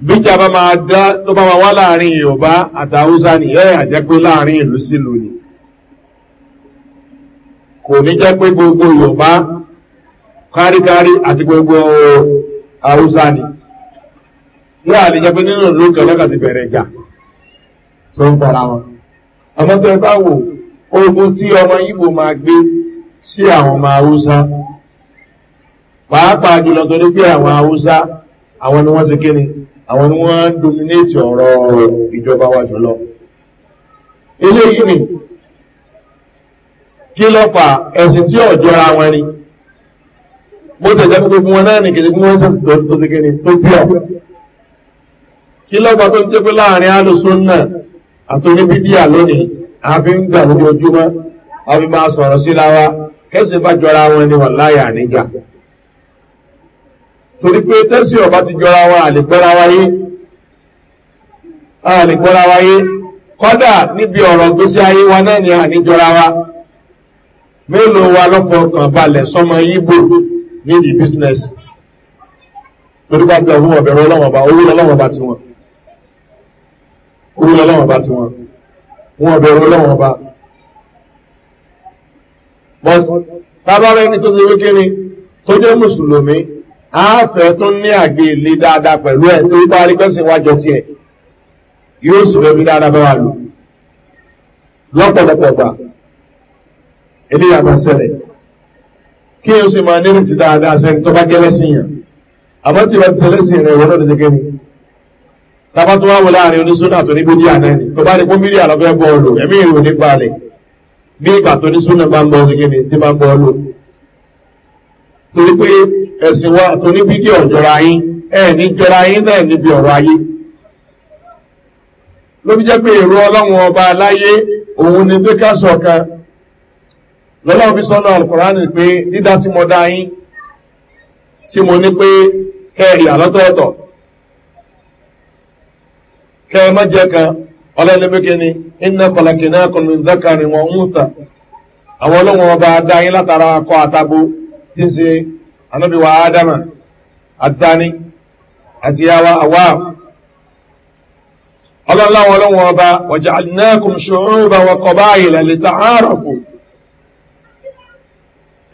bíjà bá máa dá ló bá máa wá láàrin yorùbá àtàwùsá ni yóò yà jẹ́ pé láàrin ìlú sílùú ni kò ní jẹ́ pé gbogbo yorùbá káríkárí àti gbogbo haúsá ni wọ́n à lè jẹ́ pé nínú ìlú kan lọ́kàn ti bẹ̀rẹ̀ ìjà tó ń kọ́ra wọn ọmọ tó ẹ bá wò ogun tí ọmọ ibo máa gbé sí àwọn ọmọ haúsá pàápàá jùlọ torí pé àwọn haúsá àwọn ni wọ́n ti kéde àwọn ni wọ́n dominate ọ̀rọ̀ ìjọba wa jùlọ eléyìí ni kí lọ́fà ẹ̀sìn tí ò jọra wọn ni bó tẹ̀ jẹ́ gbogbo wọn náà ní kìí gbogbo wọn sẹ̀sì tó ti gẹ̀ẹ́ni tó bí ọ̀ kí lọ́fà tó ń jẹ́ pé láàrin alùsùn náà àtòní bídíà lónìí àfi ń gbà lójoojúmọ́ àfi máa sọ̀rọ̀ síra wa kẹ́sì bá jọra wọn ni wọ́n láyà níjà torí pé tẹ́sí ọ̀bá ti jọra wọn àlègbọ́ra wáyé àlègbọ́ra wáyé kọ́dà níbi ọ̀rọ̀ gbésí ayé wa náà ni àníjọra wa mélòó wa lọ́fọ̀ọ̀kàn balẹ̀ sọmọ yíbò nídìí business torí bá bẹ owó ọ̀bẹ̀rẹ̀ ọlọ́wọ̀ba owó lọ́wọ́ba ti wọn owó lọ́wọ́ba ti wọn wọn ọ̀bẹ̀rẹ̀ ọlọ́wọ́ba but tábàrẹ́ni tó ti wí kíni tó jẹ́ mùsùlùmí àáfẹ́ tó ní àgbè ilé dáadáa pẹ̀lú ẹ̀ tó bá rí pẹ́sìn wájọ tí ẹ̀ yóò sì rẹ̀ bí dáadáa bá wà lò lọ́pọ̀lọpọ̀ gbà eléyà máa ṣẹlẹ̀ kí o sì máa nírètí dáadáa sẹ́ni tó bá gẹ́lẹ́ sí yàn àmọ́ tí wọ́n ti ṣẹlẹ̀ sí rẹ̀ wọ́n náà ti gẹ́ni tábà tó wá wọ láàrin oníṣúná tó ní gbójú àná ni tó bá rí fún mílíọ̀nù ọ̀fẹ́ bọ́ọ̀lù ẹ̀mí ìrò ní balẹ̀ bí ìgbà tó ní súnà bá ń bọ́ọ̀lù gẹ́ni tí bá ń bọ́ọ̀lù torí pé ẹ̀sìn wa tó ní bídí ọ̀jọ́ra yín ẹ̀ jọra yín náà níbi ọ̀rọ̀ ayé ló fi jẹ́ pé èrò ọlọ́run ọba aláyé òun ni pé ká sọ̀kan lọ́lọ́run fi sọ́nà alukọ̀ránì pé dídá tí mo dá yín tí mo ní pé kẹ́ lọ́tọ̀ọ̀tọ̀ kẹ́ ẹ akọ tí anábì wa ádámà àtàní àti yàwá àwá ọlọ́láwọn ọlọ́wọ́n ọba wàjà anákùn ṣòro bá wọn kọ báyìí lálẹ́ ta àárọ̀kù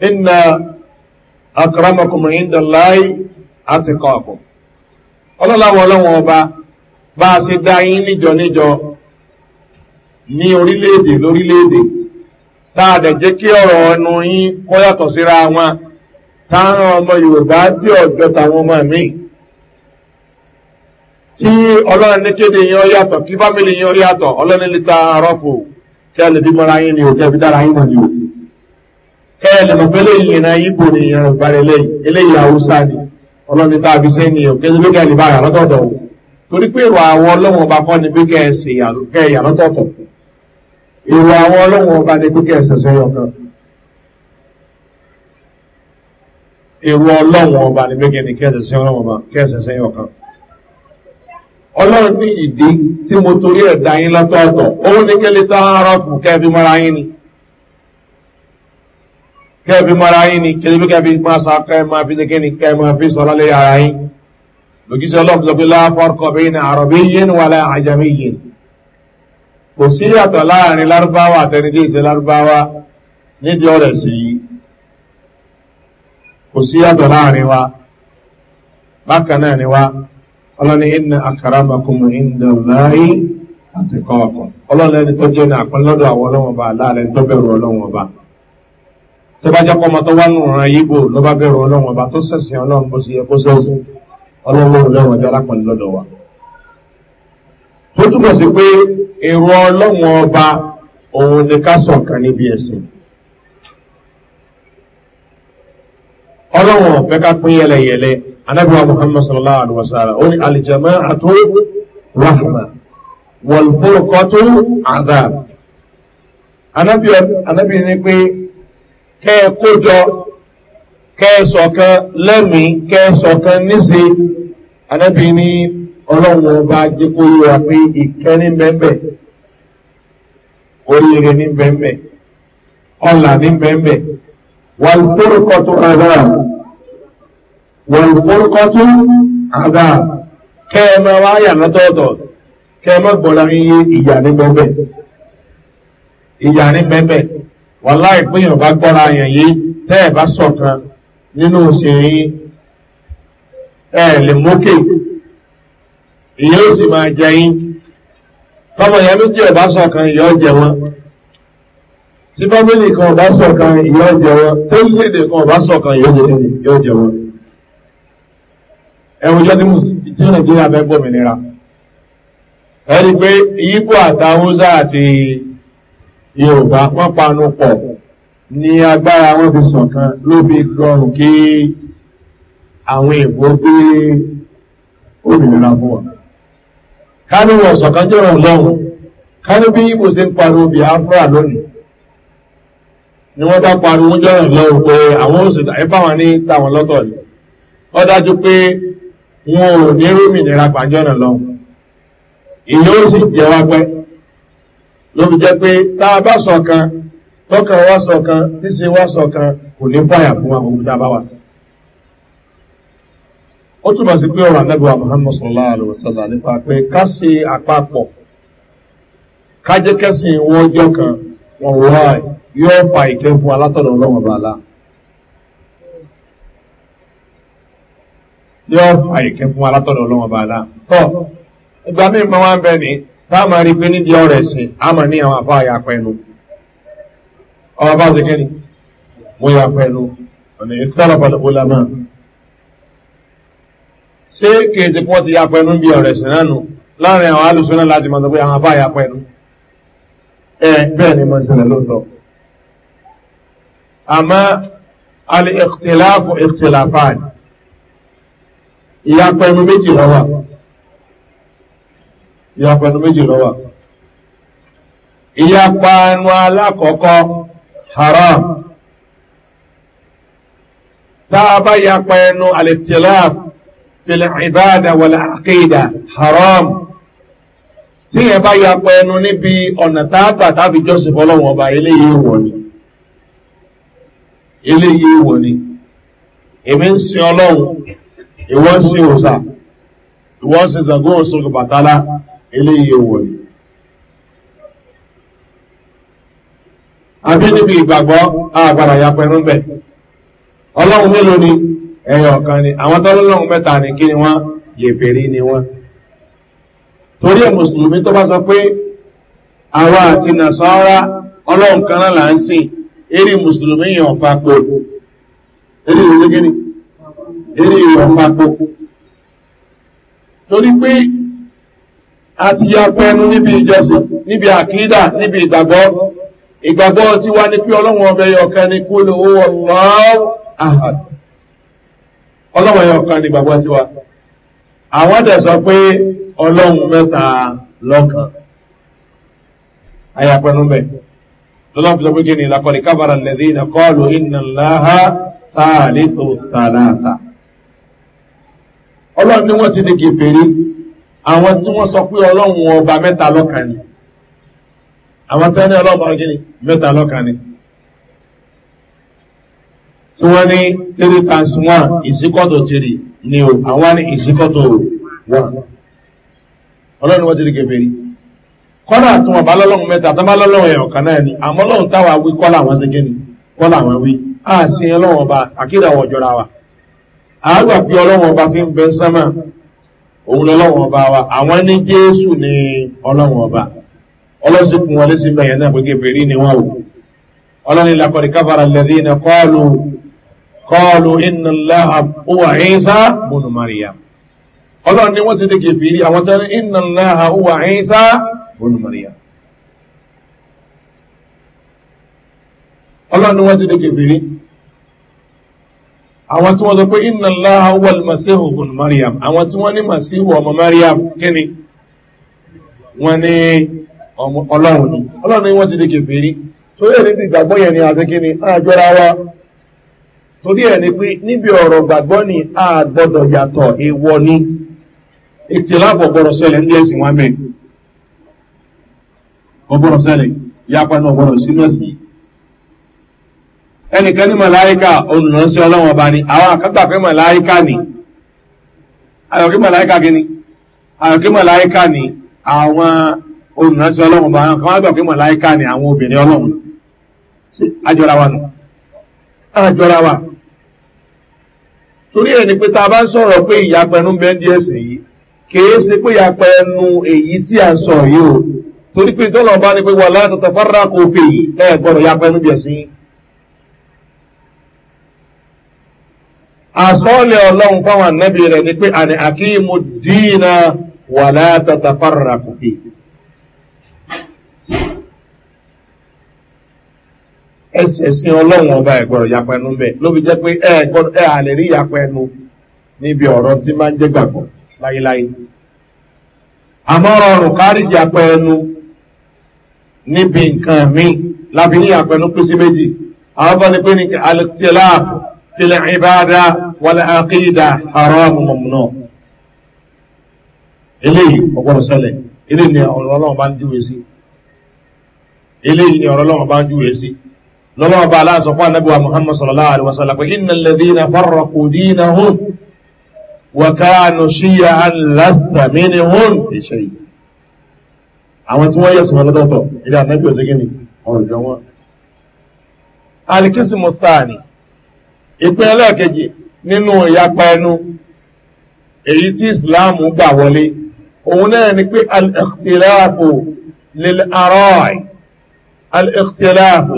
inna akọ̀rọ̀mọkùnmọ̀ ìndàláì àti kọ̀ọ̀kùn ọlọ́láwọn ọlọ́wọ́n ọba bá a ṣe dá yín níjọ níjọ ní orílẹ̀-èdè lórílẹ̀-èdè táàdẹ̀ jẹ́ kí ọ̀rọ̀ ọ̀nà yín kọ́yàtọ̀ síra wọn táwọn ọmọ yorùbá tí ọ̀jọ́ tàwọn ọmọ mi tí ọlọ́run ní kéde yẹn yàtọ̀ kí fámìlì yẹn yàtọ̀ ọlọ́run ní ta rọ́fò kí ẹ lè bí mọ́ra yín ni ò kẹ́ fi dára yín mọ̀ ni ò kẹ́ ẹ lè mọ̀ pé lẹ́yìn ìrìnà ibo ni ìyẹn ìbára eléyìí eléyìí haúsá ni ọlọ́run ní ta fi sẹ́yìn ni ò kẹ́ ẹ lè bá yàrá tọ̀tọ̀ o torí pé èrò àwọn ọlọ́run ọba kọ́ ni pé kẹ́ ẹ sì yàrá tọ̀tọ̀ èrò ọlọ́run ọba ní méjì ní kẹ́ẹ̀sẹ̀sẹ̀ ọlọ́run ọba kẹ́ẹ̀sẹ̀sẹ̀ ọ̀kan ọlọ́run ní ìdí tí mo torí ẹ̀dá yín látọ̀ọ̀tọ̀ òun ní kẹ́lẹ́ tá ara fún kẹ́ẹ̀bí mara yín ni kẹ́ẹ̀bí mara yín ni kẹ́lẹ́ bí kẹ́ẹ̀bí máa sa kẹ́ẹ̀ máa fi ní kẹ́ni kẹ́ẹ̀ máa fi sọ̀rọ̀ lé ara yín lòkìsí ọlọ́run sọ pé láfọ́rkọ̀ bí ní àròbí yín wà láì àjàmí yín kò sí yàtọ̀ láàrin lárúbáwá àtẹnidí lárúbáwá nídìí ọ̀rẹ̀ sí yìí kò sí yàtọ̀ láàrin wa bákan náà ni wa ọlọ́ni iná àkàràmàkùnmù ìndà láàyè àti kọ́ọ̀kọ́ ọlọ́ni ẹni tó jẹ́ ní àpẹẹlọ́dọ̀ àwọn ọlọ́wọ̀n bá láàrin tó bẹ̀rù ọlọ́wọ̀n bá tó bá jẹ́pọ̀ ọmọ tó wá nù ràn yíbò ló bá bẹ̀rù ọlọ́wọ̀n tó sẹ̀sìn ọlọ́run bó sì yẹ kó sẹ́sìn ọlọ́run lọ́wọ́n jẹ́ alápẹ̀lọ́dọ̀ wa ọlọ́wọ̀n ọ̀fẹ́ ká pín yẹlẹyẹlẹ anábíwá muhammad sallallahu alaihi wasallam ó ní alìjàmá àtó rahma wọ̀lùfọ́rọ̀kọ́ tó àdá anábí ní pé kẹ́ ẹ kójọ kẹ́ ẹ sọ̀kan lẹ́mí kẹ́ ẹ sọ̀kan níṣe anábí ní ọlọ́wọ̀n ọba jẹ́kó yóò pé ìkẹ́ ní bẹ́ẹ̀ oríire ní bẹ́ẹ̀ ọ̀là ní bẹ́ẹ̀ والفرقة عذاب والفرقة عذاب كما وعي نتوضع كما بلغي إياني بوبي إياني بوبي wàláì pé èèyàn bá gbọ́ra àyàn yìí tẹ́ ẹ̀ bá sọ̀kan nínú òṣèré ẹ̀ lè mókè ìyẹn ó sì máa jẹ yín tọmọ yẹn méjì ẹ̀ bá sọ̀kan ìyẹn jẹ wọn tí fámílì kan ọba sọ̀kan ìyọ́ jẹ wọn kan ọba sọ̀kan ìyọ́ jẹ wọn ẹwùjọ́ tí nàìjíríà fẹ́ gbòmìnira ẹni pé yíkò àti yorùbá wọ́n panu pọ̀ ní agbára wọn fi ló fi rọrùn kí àwọn gbé òmìnira fún jẹ́ bí ń afra lónìí ni wọ́n bá pariwo jọ́rọ̀ lọ́wọ́ pé àwọn òṣèlú àìbáwọn ní tàwọn lọ́tọ̀ ni ọ dájú pé wọn ò ní rómìnira pàjọ́nà lọ́wọ́ ìyẹn ó sì jẹ́ wá pẹ́ ló fi jẹ́ pé tá a bá sọ̀kan tọ́kàn wá sọ̀kan tíṣe wá sọ̀kan kò ní báyà fún ó sí pé ọ̀rọ̀ anábìwá muhammed sallallahu alayhi wa sallam nípa wọn ọjọ́ kan wọn yóò fa ìkẹ́ fún alátọ̀dọ̀ ọlọ́run ọba alá yóò fa ìkẹ́ fún alátọ̀dọ̀ ọlọ́run ọba alá tọ́ ìgbà mí mọ́ wá ń bẹ ní tá a máa rí pé nídìí ọ̀rọ̀ ẹ̀sìn a máa ní àwọn àfáà yà pẹ̀lú ọba bá ṣe kẹ́ni mo yà pẹ̀lú ọ̀nà ìtọ́lọ̀ pẹ̀lú ọlá náà ṣé kèéjì pọ́n ti yà pẹ̀lú bí ọ̀rọ̀ ẹ̀sìn náà nù láàrin àwọn alùsùn náà láti mọ̀ sọ pé àwọn àfáà yà pẹ̀lú ẹ bẹ́ẹ̀ ni mo ń ṣẹlẹ̀ lóòótọ́ àmọ́ al-ikhtilafu ikhtilafan ìyapa ẹnu méjì lọ́wà ìyapa ẹnu méjì lọ́wà ìyapa ẹnu alákọ̀ọ́kọ́ haram tábá yapa ẹnu al-ikhtilaf fil ibada wal aqida haram tí bá yapa ẹnu níbi ọ̀nà tààtà tàbí jọ́sìn fọ́lọ́wọ̀n ọba eléyìí wọ̀nyí eléyé wò ni èmi ń sin ọlọ́run ìwọ́ ń sin òsà ìwọ́ ń sin zàgó òsòkè bàtálá eléyé wò ni. àbí níbi ìgbàgbọ́ àgbàrà yapẹ̀rún bẹ̀ ọlọ́run mélòó ni ẹ̀yọ̀ kan ni àwọn tọ́lọ́lọ́run mẹ́ta ni kí ni wọ́n yèfèrí ni wọ́n torí ẹ̀ mùsùlùmí tó bá sọ pé àwa àti nàṣọ́ra ọlọ́run kan náà là ń sìn eré mùsùlùmí yàn papọ̀ eré ìrẹ́gẹ́ni eré yàn papọ̀ torí pé a ti ya pẹnu níbi ìjọsìn níbi àkídà níbi ìgbàgbọ́ ìgbàgbọ́ tí wá ní pé ọlọ́wọ́n ọbẹ̀ yọ̀ọ̀kan ni kó lówó ọlọ́wọ́ àhàd ọlọ́wọ́n yọ̀ọ̀kan ni ìgbàgbọ́ tiwa àwọn dẹ̀ sọ pé ọlọ́run mẹ́ta lọ́kàn ayapẹnu bẹ́ẹ̀ lọ́lọ́pù sọ pé kí ni lakọ̀rí kábàrà lẹ́dí iná kọlù iná láha tààlítò tààlátà ọlọ́run ni wọ́n ti di kèfèrí àwọn tí wọ́n sọ pé ọlọ́run ọba mẹ́ta lọ́kàn ni àwọn tí wọ́n ní ọlọ́run ọba mẹ́ta lọ́kàn ni tí wọ́n ní three times one ìsíkọ́tò three ni o àwọn ní ìsíkọ́tò one ọlọ́run wọ́n ti di kèfèrí. kọ́dà tó wọn bá lọ́lọ́run mẹ́ta tó bá lọ́lọ́run ẹ̀yọ̀ kan náà ni àmọ́ lọ́run táwa wí kọ́lá àwọn ṣe gẹ́ni kọ́lá àwọn wí ọba àkídà wọ̀ jọra wa àgbà pé ọlọ́wọ́ ọba fi ń bẹ sánmà òun ọba wa àwọn ní jésù ní ọba ọlọ́sìn fún wọn lẹ́sìn bẹ̀yẹn náà ni ọlọ́ni olùmọ̀nìyàn. ọlọ́run ni wọ́n ti dékè bèrè àwọn tí wọ́n sọ pé iná láha wọ́n mariam àwọn tí wọ́n ní ọmọ mariam kíni wọ́n ní ọlọ́run ni ti torí ẹ̀ yẹn ni àti kíni àjọra wa torí ẹ̀ ni pé níbi ọ̀rọ̀ gbàgbọ́ ni a yàtọ̀ èèwọ̀ ni gbọ́dọ̀ sẹlẹ̀ ń wọn mẹ́rin ọgbọ́rọ̀ sẹ́lẹ̀ yapa náà ọgbọ́rọ̀ sínú ẹ̀sìn ẹnìkan ní màláíkà olùránṣẹ́ ọlọ́wọ̀n ọba ni àwọn àkàgbà pé màláíkà ni ayọ̀kí màláíkà gini ayọ̀kí màláíkà ni àwọn olùránṣẹ́ ọlọ́wọ̀n ọba kan wá gbà pé màláíkà ni àwọn obìnrin ọlọ́wọ̀n àjọra wa nù àjọra wa torí ẹni pé tá a bá ń sọ̀rọ̀ pé ìyapẹnu bẹ́ẹ̀ díẹ̀ sí yìí kèé ṣe pé ìyapẹnu èyí tí à ń sọ̀rọ̀ yìí o torí pé tó lọ́ọ́ bá ní pé wà látọ̀tọ̀ fárá kò fè yí ẹ gbọ́dọ̀ ya pẹ́ níbi ẹ̀sìn. àsọ́ọ̀lẹ̀ ọlọ́run fáwọn ànábì rẹ̀ ni pé àní àkíyèmó dínà wà látọ̀tọ̀ fárá kò fè yí. ẹsẹ̀sìn ọlọ́run ọba ẹ̀gbọ́rọ̀ yapẹnu bẹ̀ ló fi jẹ́ pé ẹ gbọ́dọ̀ ẹ àlè rí yapẹnu níbi ọ̀rọ̀ tí máa ń jẹ́ gbàgbọ́ láyéláyé. àmọ́ rọrùn kárí yapẹnu níbi nǹkan mi lábí ní àpẹnu pín sí méjì àwọn ni pé ní alìtìlá tilẹ̀ ìbáadá wàlẹ̀ àkídà àrọ́ àmùmọ̀mùnà eléyìí ọgbọ́dọ̀ sẹlẹ̀ eléyìí ni ọ̀rọ̀ ọlọ́run bá ń júwe sí eléyìí ni ọ̀rọ̀ ọlọ́run bá ń júwe sí lọ́lọ́run bá aláàsọ fún anábíwá muhammad sallallahu alaihi wasallam pé iná lẹ́dí na fọ́rọ̀ kò dí na hún wàkánù síyà án lásìtàmínì hún ìṣẹ́yìí àwọn tí wọ́n yẹ̀sùn wọn lọ́tọ̀ọ̀tọ̀ ilé ànábì òsèké ni ọ̀rọ̀ ìjọ wọn. alikisu mustaani ìpín ẹlẹ́ẹ̀kejì nínú ìyapa ẹnu èyí tí islam gbà wọlé òun náà ni pé al-ikhtilafu lil arọ́ì al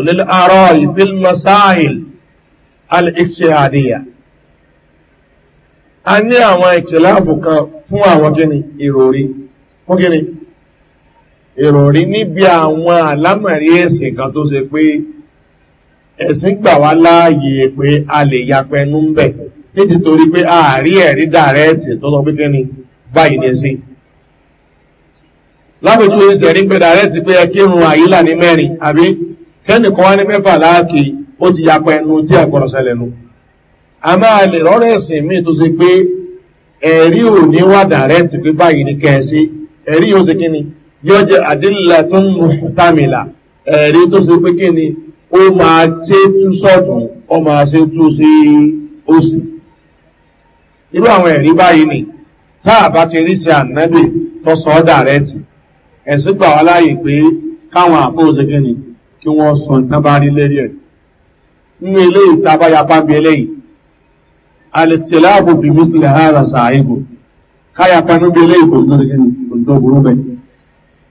lil arọ́ì bil masáìl al a ní àwọn ìkṣiláàbù kan fún àwọn gíní ìròrí fún gíní ìrọ̀rí níbi àwọn àlámẹ̀rí ẹ̀sìn kan tó ṣe pé ẹ̀sìn gbà wá láàyè pé a lè yapẹnu ń bẹ̀ nítorí pé ààrí ẹ̀rí dàrẹ́ẹ̀tì tó lọ pípẹ́ ni báyìí ní sí lábòtú ìṣẹ̀rí pé dàrẹ́ẹ̀tì pé ẹkírun àyílà ní mẹ́rin àbí kẹ́nìkan wá ní mẹ́fà láàkì ó ti yapẹnu tí àgbọ̀rọ̀sẹ̀lẹ̀ nu a máa lè rọ́rọ̀ ẹ̀sìn míì tó ṣe pé ẹ̀rí ò ní wà dàrẹ́ẹ̀tì pé báyìí ní kẹ́ẹ̀ sí ẹ̀rí yóò ṣe kí ni yóò jẹ́ àdínlá tó ń mọ̀tàmìlà ẹ̀rí tó ṣe pé kí ni ó máa ṣe tú sọ́tún ó máa ṣe tú sí òsì irú àwọn ẹ̀rí báyìí ni tá a bá ti rí sí ànábì tó sọ ọ́ dàrẹ́tì ẹ̀sìn gbà wá láàyè pé káwọn àbóòṣe kí ni kí wọ́n sọ nǹkan bá rí lérí ẹ̀ nínú eléyìí tá a bá yapa bí eléyìí alẹ́tẹ̀láàbò bí mùsùlùmí ara ṣàáyébò káyapa níbi eléyìí kò tó burú bẹ́ẹ̀.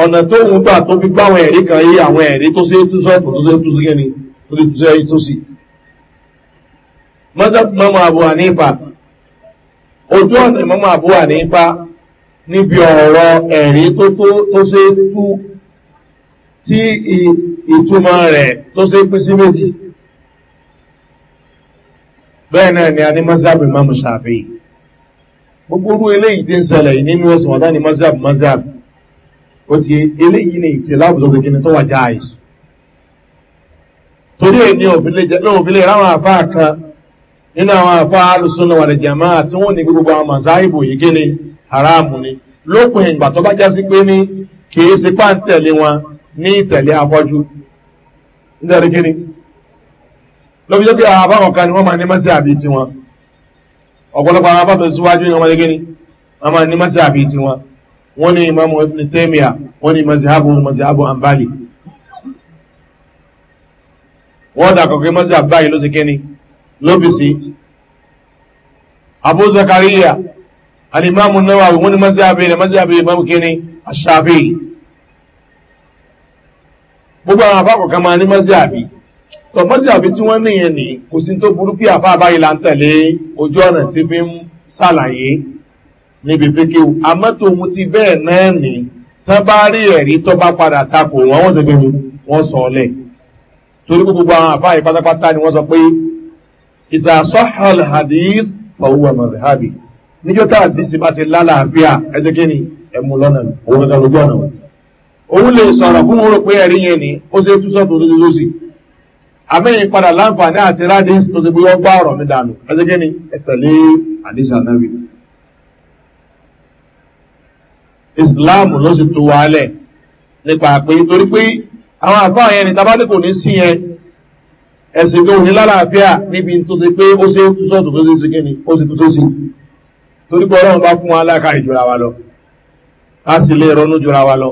ọ̀nà tó ń gbà tó fi gbá àwọn ẹ̀rí kan yí àwọn ẹ̀rí tó ṣe é tú sọ́ọ̀tù tó ṣe é tú sí kẹ́ni tó ṣe tú sí ẹ̀yí tó sì. mọ́sálásí mọ́mọ́ àbúwà ní ipa ojú ọ̀nà mọ́mọ́ àbúwà ní ipa níbi ọ̀rọ̀ ẹ̀rí tó ṣe é tú tí ìtumọ̀ rẹ̀ tó ṣe é pín sí méjì bẹ́ẹ̀ náà ni a ní mọ́sáàbì mọ́mù ṣàfihì gbogbo orú eléyìí tí ń ṣẹlẹ̀ nínú ẹ̀sùn ọ̀dá ni ó ti eléyìí ni ìtì láwùjọ gbogbo ní tó wà já àìsù torí ẹ̀ ní òfin lè ráwọn aka nínú àwọn àfá alùsùnà wà lè wọn ní gbogbo àwọn màsáìbò yìí haramu ni lópin ìgbà tó bá ní kìí ṣe páńtẹ̀lé wọn ní ìtẹ̀lé afọ́jú wọ́n ní imamu ibn taimiyya wọ́n ní mazihabu mazihabu ambali wọ́n dàkọ̀kẹ́ mazihab báyìí ló sì kéni lóbìsí abu zakariya alimamu nawawi wọ́n ní mazihabi ní mazihabi imamu kéni aṣafi gbogbo àwọn afákọ̀ọ́kẹ́ máa ní mazihabi tọ mazihabi tí wọ́n níyẹn ní kò sí tó burú pé àfáà báyìí là ń tẹ̀lé ojú ọ̀nà tí fi ń sàlàyé níbi fíkíw àmọ́ tòun ti bẹ́ẹ̀ náà ní tán bá rí ẹ̀rí tó bá padà takò wọn wọ́n sì gbẹ̀rù wọ́n sọ ọ́lẹ̀ torí gbogbo àwọn àfáà yìí pátápátá ni wọ́n sọ pé ìsàsọ́hàl hadith fọwọ́ mọ̀lẹ́hàbì níjọ́ tá àdìsí bá ti lálàáfíà ẹjẹ́ kí ni ẹ̀mú lọ́nà òun kankan lójú ọ̀nà òun lè sọ̀rọ̀ fún òun rò pé ẹ̀rí yẹn ni ó ṣe tú sọ́tò tó àmẹ́yìn padà láǹfààní àti rádìsí tó ṣe gbé wọ́n gbá ọ̀rọ̀ mi dànù ẹjẹ́ kí ni ẹ̀tẹ̀lé àdìsí ànábì islam ló sì tó wálẹ̀ nípa pé torí pé àwọn àfáà yẹn ni tabátí kò ní sí yẹn ẹ̀sìn tó ní lálàáfíà níbi tó ṣe pé ó ṣe é tú sọ́ọ̀tù tó ṣe ṣe kíni ó ṣe tú tó ṣe torí pé ọlọ́run bá fún wa láka ìjọra wa lọ a sì lè ronú jọra wa lọ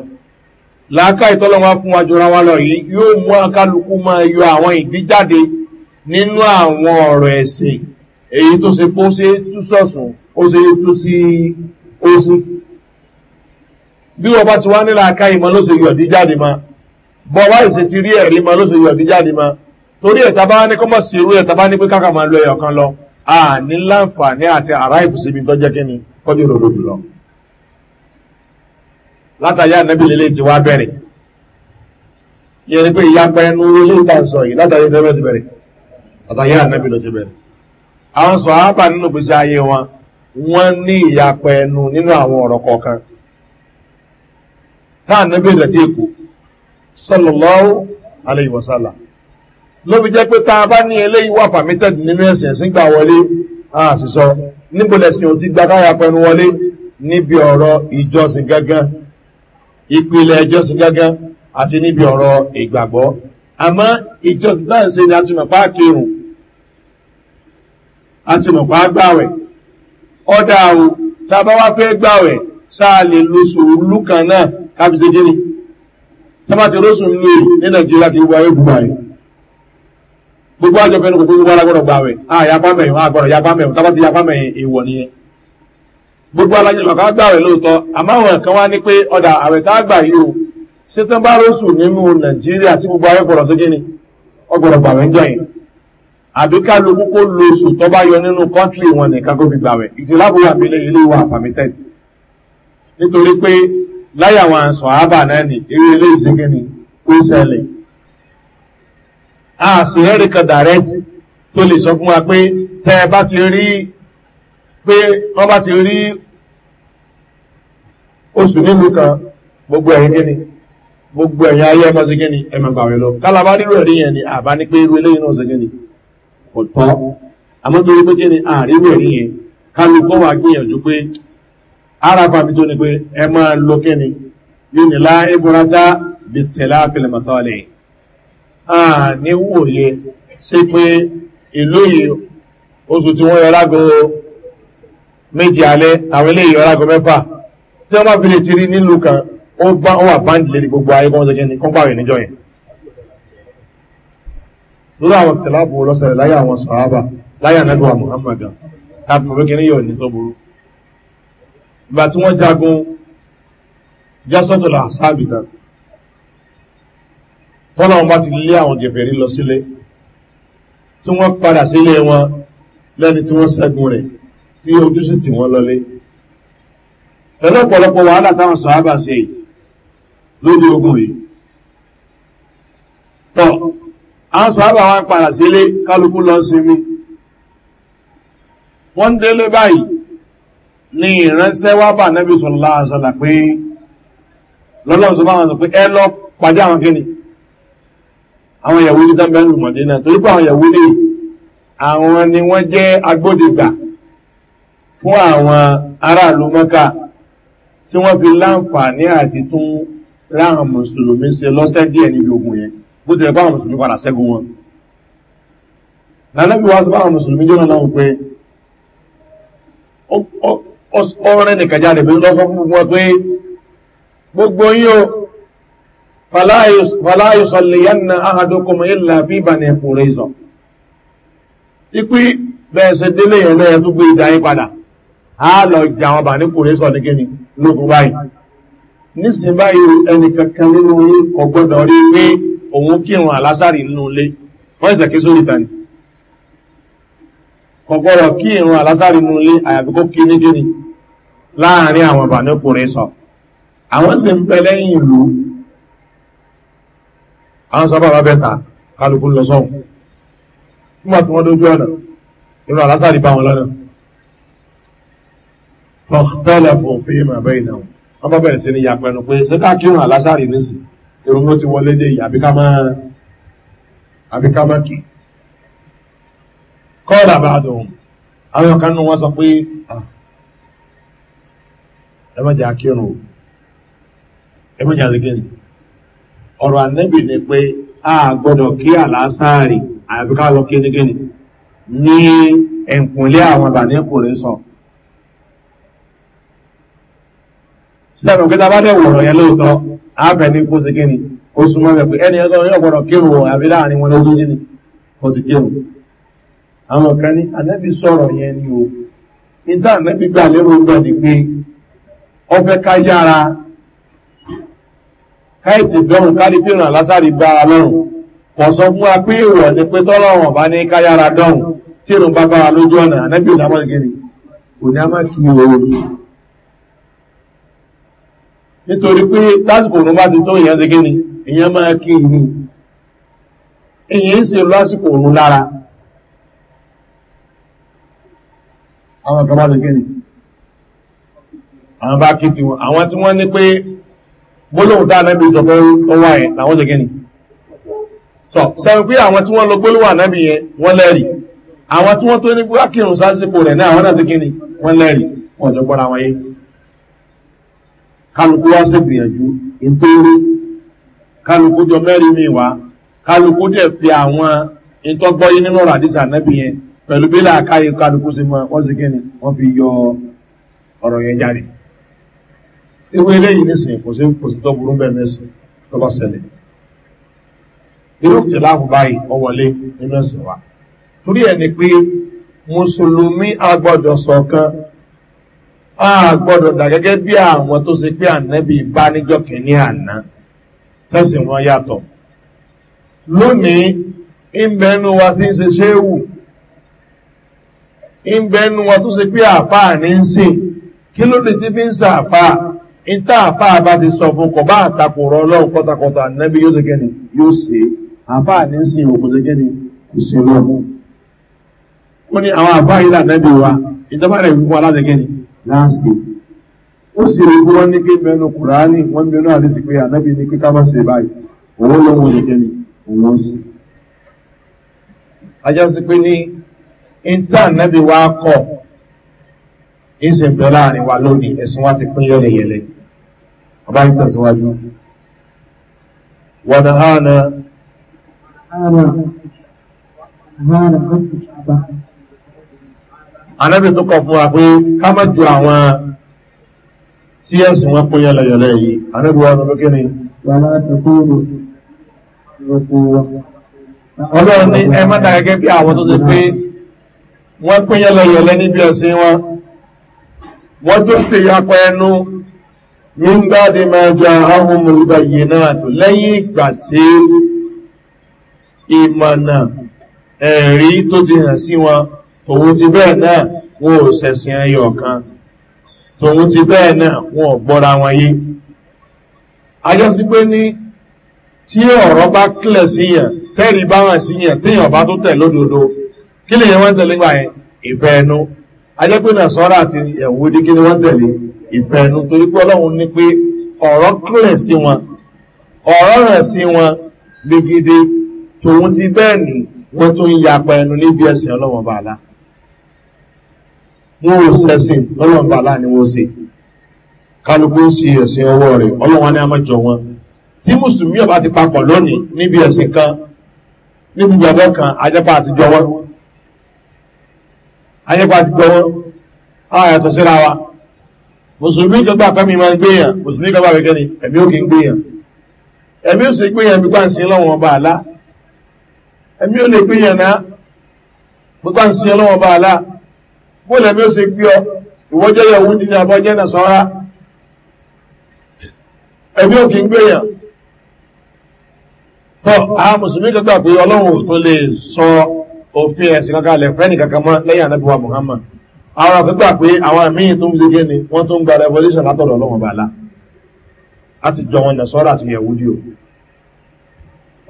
láka ìtọ́lọ́run bá fún wa jọra wa lọ yìí yóò mú akálukú máa yọ àwọn ìdíjáde nínú àwọn ọ̀rọ̀ ẹ̀sìn èyí tó ṣe pé ó ṣe é tú sọ̀sùn ó ṣe é tú sí ó sì bí wọ́n bá sì wá nílà aká ìmọ̀ ló ṣe yọ̀dí jáde ma bọ́ wá ìṣe ti rí ẹ̀rí ma ló ṣe yọ̀dí jáde ma torí ẹ̀ta bá ní kọ́mọ̀ sí irú ẹ̀ta bá ní pé káka máa lo ẹ̀yọ̀ kan lọ a ní láǹfààní àti àrá ìfòsíbi tó jẹ́ kí ni kọ́jú látàyà nẹ́bí ti wá bẹ̀rẹ̀ pé ìyá ilé yìí látàyà nẹ́bí ti bẹ̀rẹ̀ látàyà nẹ́bí ló ti bẹ̀rẹ̀ àwọn táà níbi rẹ̀ tí èkó sọlọ́lọ́wọ́ aléìwọ̀sálà ló fi jẹ́ pé tá a bá ní eléyìí wà permitted nínú ẹ̀sìn ẹ̀sìn gbà wọlé àṣìṣọ níbọ̀lẹ̀sìn ò ti gba káyà pẹnu wọlé níbi ọ̀rọ̀ ìjọsìn gángan ìpìlẹ̀ ìjọsìn gángan àti níbi ọ̀rọ̀ ìgbàgbọ́ àmọ́ ìjọsìn náà ṣe ni a ti mọ̀ pa kírun a ti mọ̀ pa gbàwẹ̀ ọ̀dà o tá a bá wá fẹ́ gbàwẹ̀ sáà lè lo sòrúlú kan náà kábíse gíní sábà ti rósùn lè ní nàìjíríà kí gbogbo ayé gbogbo ayé gbogbo àjọ fẹnu kò gbogbo alágbọ́dọ̀ gbà wẹ̀ á yapa mẹ́yìn á gbọ́dọ̀ yapa mẹ́yìn tábà ti yapa mẹ́yìn èèwọ̀ nìyẹn gbogbo alájọ bàbá gbà wẹ̀ lóòótọ́ àmọ́ àwọn kan wá ní pé ọ̀dà àwẹ̀ tá gbà yìí o ṣé tán bá rósùn nínú nàìjíríà sí gbogbo ayé gbọ́dọ̀ sí gíní ọgbọ̀dọ̀ gbà wẹ̀ ń jọ yìí àbí ká lo kókó lóṣù tó bá yọ nínú kọ́ńtì wọn nìkan kó fi gbà wẹ̀ ìtìlábù wà mí lé ilé wa permitted nítorí pé láyà wọn sọ̀hábà náà ni eré ilé ìsìnkí ni kó sẹ́lẹ̀ a sì rẹ́rì kan dàrẹ́tì tó lè sọ fún wa pé tẹ́ ẹ bá ti rí pé wọ́n bá ti rí oṣù nílùú kan gbogbo ẹ̀yìn gíní gbogbo ẹ̀yìn ayé ẹ̀mọ́ sí gíní ẹ̀mọ́ gbàwẹ̀ lọ kálábá rírò ẹ̀rí yẹn ni àbá ní pé irú eléyìí náà sí gíní kò tọ́ àmọ́ torí pé gíní àrírò ẹ̀rí yẹn kálukọ́ wa gbìyànjú pé arafa bí tó ní pé ẹ máa lọ kẹ́ni yóò ní lá ibùrátá bí tẹ̀lá fìlẹ̀mọ̀tọ́lẹ̀ ní wòye sí pé ìlú yìí oṣù tí wọ́n yọ lágọ́ méjì alẹ́ àwọn ilé ìyọ lágọ́ mẹ́fà tí wọ́n bá fi lè ti rí nílùú kan ó bá wà báńdì lérí gbogbo ayé kọ́ńtà kẹ́ni kọ́ńpà rẹ̀ níjọ yẹn lórí àwọn tẹ̀lá bò lọ́sẹ̀rẹ̀ láyé àwọn sọ̀hábà láyé ànágbà muhammad tàbí mọ̀fẹ́kẹ́ ní ní tó burú ìgbà tí wọ́n jagun jásọ́tọ̀lá sáàbìtà tọ́nà wọn bá ti lé àwọn gẹ̀fẹ̀rí lọ sílé tí wọ́n padà sílé wọn lẹ́ni tí wọ́n sẹ́gun rẹ̀ tí ojúṣù tí wọ́n lọlé pẹ̀lú ọ̀pọ̀lọpọ̀ wàhálà táwọn sọ̀hábà ṣe lórí ogun yìí tọ́ àwọn sọ̀hábà wọn padà sílé kálukú lọ sinmi wọ́n délé báyìí ni ìránṣẹ́ wá bà nẹ́bí sọ̀lá àṣọ́là pé lọ́lọ́run tó bá wọn sọ pé ẹ lọ pàdé àwọn kíni àwọn ìyàwó ní dábẹ́rù mọ̀dínà torí pé àwọn ìyàwó ní àwọn ni wọ́n jẹ́ agbódegbà fún àwọn aráàlú mọ́ká tí wọ́n fi láǹfààní àti tún ráhàn mùsùlùmí se lọ́sẹ́ díẹ̀ níbi ogun yẹn bó ti rẹ̀ bá àwọn mùsùlùmí padà sẹ́gun wọn lálẹ́bí wá sọ bá àwọn mùsùlùmí jọ́nà náà pé ọ̀rẹ́ nìkan jáde bí lọ́sọ fún wọn pé gbogbo yíò fàláyùsọ̀lẹ̀yánà áhàdókòmọ̀ ìlà bíbà ní ẹ̀kùnrin ìzọ̀ ipí bẹ̀ẹ̀sẹ̀ délé ẹ̀lẹ́ ẹ̀tún gbé ìdáyí padà a lọ jà wọn bà ní kùnrin sọ ní kíni lókun báyìí nísìn báyìí ẹnì kankan nínú ọgbọ́dọ̀ kọ̀gbọ́rọ̀ kí ìrún alásàrí mú lé àyàbíkó kí ní gíní láàrin àwọn ìbànúkùnrin sọ àwọn sì ń pẹ lẹ́yìn ìlú àwọn sọ bàbá bẹ́ta kálukú lọ sọ́hùn nígbà tí wọ́n dójú ọ̀nà ìrún alásàrí bá wọn lọ́nà tọ́tẹ́lẹ̀ fún fi ìmọ̀ ẹ̀bẹ́ ìnà kọ́ọ̀lá bá dùn àwọn kan nù wọ́n sọ pé ah, ẹ akírun o ẹ ọ̀rọ̀ a gbọ́dọ̀ kí àlásàárì lọ kí nígẹ́ ni ní ẹ̀kúnlé àwọn àbàní sọ. sílẹ̀ òkè tá a bá dẹ̀ wọ̀rọ̀ yẹn lóòótọ́ àbẹ̀ ní kó kí ni ó súnmọ́ pé ẹni ẹgbẹ́ kírun o àbí láàrin wọn lójú kí ni àwọn kan ní ànábì sọ̀rọ̀ yẹn ni o ìdá ànábì gbà lérò gbà ní pé ọfẹ́ ká yára káìtì ká lásàrí bára lọ́rùn kò sọ fún wa pé pé bá ní ká yára dọ́rùn tí ìrùn bá bára lójú ọ̀nà kò ní kí nítorí pé tásìkò bá ti tó ìyẹn ti ìyẹn máa àwọn kan bá ti gẹ́ni àwọn bá kí ti wọn àwọn tí wọ́n ní pé gbólóhùn tá ànábì sọ pé ó wà yẹn làwọn ṣe gẹ́ni sọ sẹ́yìn pé àwọn tí wọ́n lo gbólóhùn ànábì yẹn wọ́n lẹ́rìí àwọn tí wọ́n tó ní akírun sásìkò rẹ̀ náà àwọn náà ṣe yẹn pẹ̀lú bí làákàyè kálukú sí wọn wọ́n sì kíni wọ́n fi yọ ọ̀rọ̀ yẹn jáde ewé eléyìí nísìnyí kò sí kò sí tó burú bẹ́ẹ̀ mẹ́sìn tó bá ṣẹlẹ̀ irú tìláàfù báyìí ọ wọlé nínú ẹ̀sìn wa torí ẹ̀ ni pé mùsùlùmí agbọ́dọ̀ sọ̀kan a gbọ́dọ̀ dà gẹ́gẹ́ bí àwọn tó ṣe pé ànẹ́bí bá níjọ́ kìíní àná tẹ̀sìn wọn yàtọ̀ lónìí ìbẹ́nu wa ti ń ṣe ṣéwù ń bẹnu wọn tó ṣe pé àpá ní ń kí ló lè ti fi ń sàpá ìta bá ti sọ fún bá àtakò rọ ọlọ́run kọ́takọ́ta nẹ́bí yóò ṣe kẹ́ni yóò ṣe àpá ní ń sìn òkú ṣe kẹ́ni kò ṣe ó ní àwọn yìí là nẹ́bí wa ìjọba rẹ̀ fún wa láti kẹ́ni ó sì rí bí wọ́n ní mẹ́nu kùránì wọ́n mẹ́nu pé ànábì ní kíkà ìta nẹ́bí wa kọ̀ ìṣe ń bẹ láàrin wa lónìí ẹ̀sùn wa ti pín yẹlẹyẹlẹ ọba ń tẹ̀síwájú wọ́n ni hánà anábì tó kọ̀ fún wa pé ká má ju àwọn tí ẹ̀sùn wọn pín yẹlẹyẹlẹ yìí anábì wa ló kí ni ọlọ́run ní ẹ má dà bí àwọn tó ti pé wọ́n pín yẹ́lẹ̀yẹ̀lẹ́ níbi ẹ̀sìn wọn wọ́n tó ń se yapa ẹnu nígbàdí máa jẹ ahun mọ̀lúgbà yìí náà tó lẹ́yìn ìgbà tí ìmọ̀nà ẹ̀rí tó ti hàn sí wọn tòun ti bẹ́ẹ̀ náà wọn ò sẹ̀sìn ẹyọ kan tòun ti bẹ́ẹ̀ náà wọn ò gbọ́ra wọn yé ajọ́sí pé ní tí ọ̀rọ̀ bá kílẹ̀ síyàn tẹ́rì bá hàn síyàn téèyàn bá tó tẹ̀ lódodo kí lè yẹn wọ́n tẹ̀lé gbà yẹn ìfẹ́ ẹnu ajẹ́pẹ́ náà sọ́ra àti ẹ̀wò dí kí ni wọ́n tẹ̀lé ìfẹ́ ẹnu torí pé ọlọ́run ní pé ọ̀rọ̀ kílẹ̀ sí wọn ọ̀rọ̀ rẹ̀ sí wọn gbegede tòun ti bẹ́ẹ̀ ni wọ́n tún ń yapa ẹnu níbi ẹ̀sìn ọlọ́run bàálà wọn ò sẹ́sìn ọlọ́run bàálà ni wọ́n ṣe kálukú ń ṣe ẹ̀sìn ọwọ́ rẹ̀ ọlọ́run ní àmọ́jọ wọn tí mùsùlùmí ọba ti papọ̀ lónìí níbi ẹ̀sìn kan níbi ìjọba kan ajẹ́pà àtijọ́ wọn ayépa ti gbọ́ wọn ààyàtọ̀ síra wa mùsùlùmí ìjọba àkọ́mí máa ń gbéyàn mùsùlùmí ìjọba àwẹ̀kẹ́ ni ẹ̀mí ó kì ń gbéyàn ẹ̀mí ó sì gbéyàn bí kwá ń sin lọ́wọ́n ọba àlá ẹ̀mí ó lè gbéyàn náà bí kwá ń sin lọ́wọ́n ọba àlá bó lẹ̀mí ó sì gbé ọ ìwọ́jẹ́ yẹ̀wú nínú abọ́jẹ́ náà sọ́ra ẹ̀mí ò kì ń gbéyàn tọ́ àwọn mùsùlùmí ìjọba pé ọlọ́run tó lè sọ òfin ẹ̀sìn kankan lẹ̀ fẹ́ni kankan mọ́ lẹ́yìn anábíwá muhammad àwọn àgbẹ̀gbà pé àwọn míì tó ń ṣe gé ni wọ́n tó ń gba revolution látọ̀dọ̀ ọlọ́wọ́n bàálà láti jọ wọn nàṣọ́rọ̀ àti yẹ̀wú díò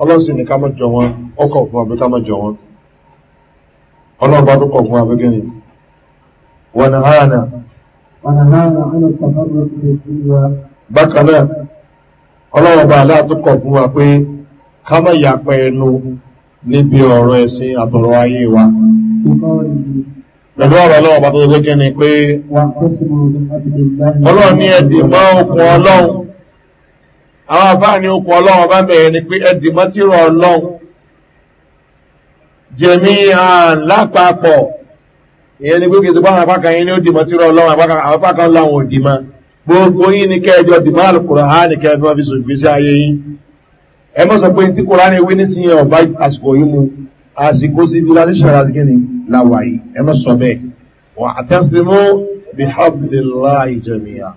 ọlọ́sìn ni ká mọ́ jọ wọn ọkọ̀ fún abẹ́ ká mọ́ jọ wọn ọlọ́run bá tó kọ̀ fún abẹ́ gẹ́ni wọn hàánà bákan náà ọlọ́run bàálà tó kọ̀ fún wa pé ká mọ́ yàpẹ̀ ẹnu níbi ọ̀rọ̀ ẹ̀sìn àtọ̀rọ̀ ayé wa pẹ̀lú ọ̀rọ̀ ọlọ́wọ́ bá tó kí ni pé ọlọ́run ní ẹ̀dì mọ́ okùn ọlọ́run àwọn ní okùn ọlọ́run ọba bẹ̀rẹ̀ ni pé ẹ̀dì mọ́ tí ọlọ́run jẹ̀mí lápapọ̀ ìyẹn ni pé bá àwọn apákan yín ní ó dì mọ́ tí ọlọ́run àwọn apákan ò dì mọ́ ẹ mọ́ sọ pé tí kòránì ewé nísìnyí ọ̀bá àsìkò yìí mu àsìkò civilization àti kìnnì làwà yìí ẹ mọ́ sọ bẹ́ẹ̀ wà á tẹ́sí mú bihabdilá ìjẹ̀mìyà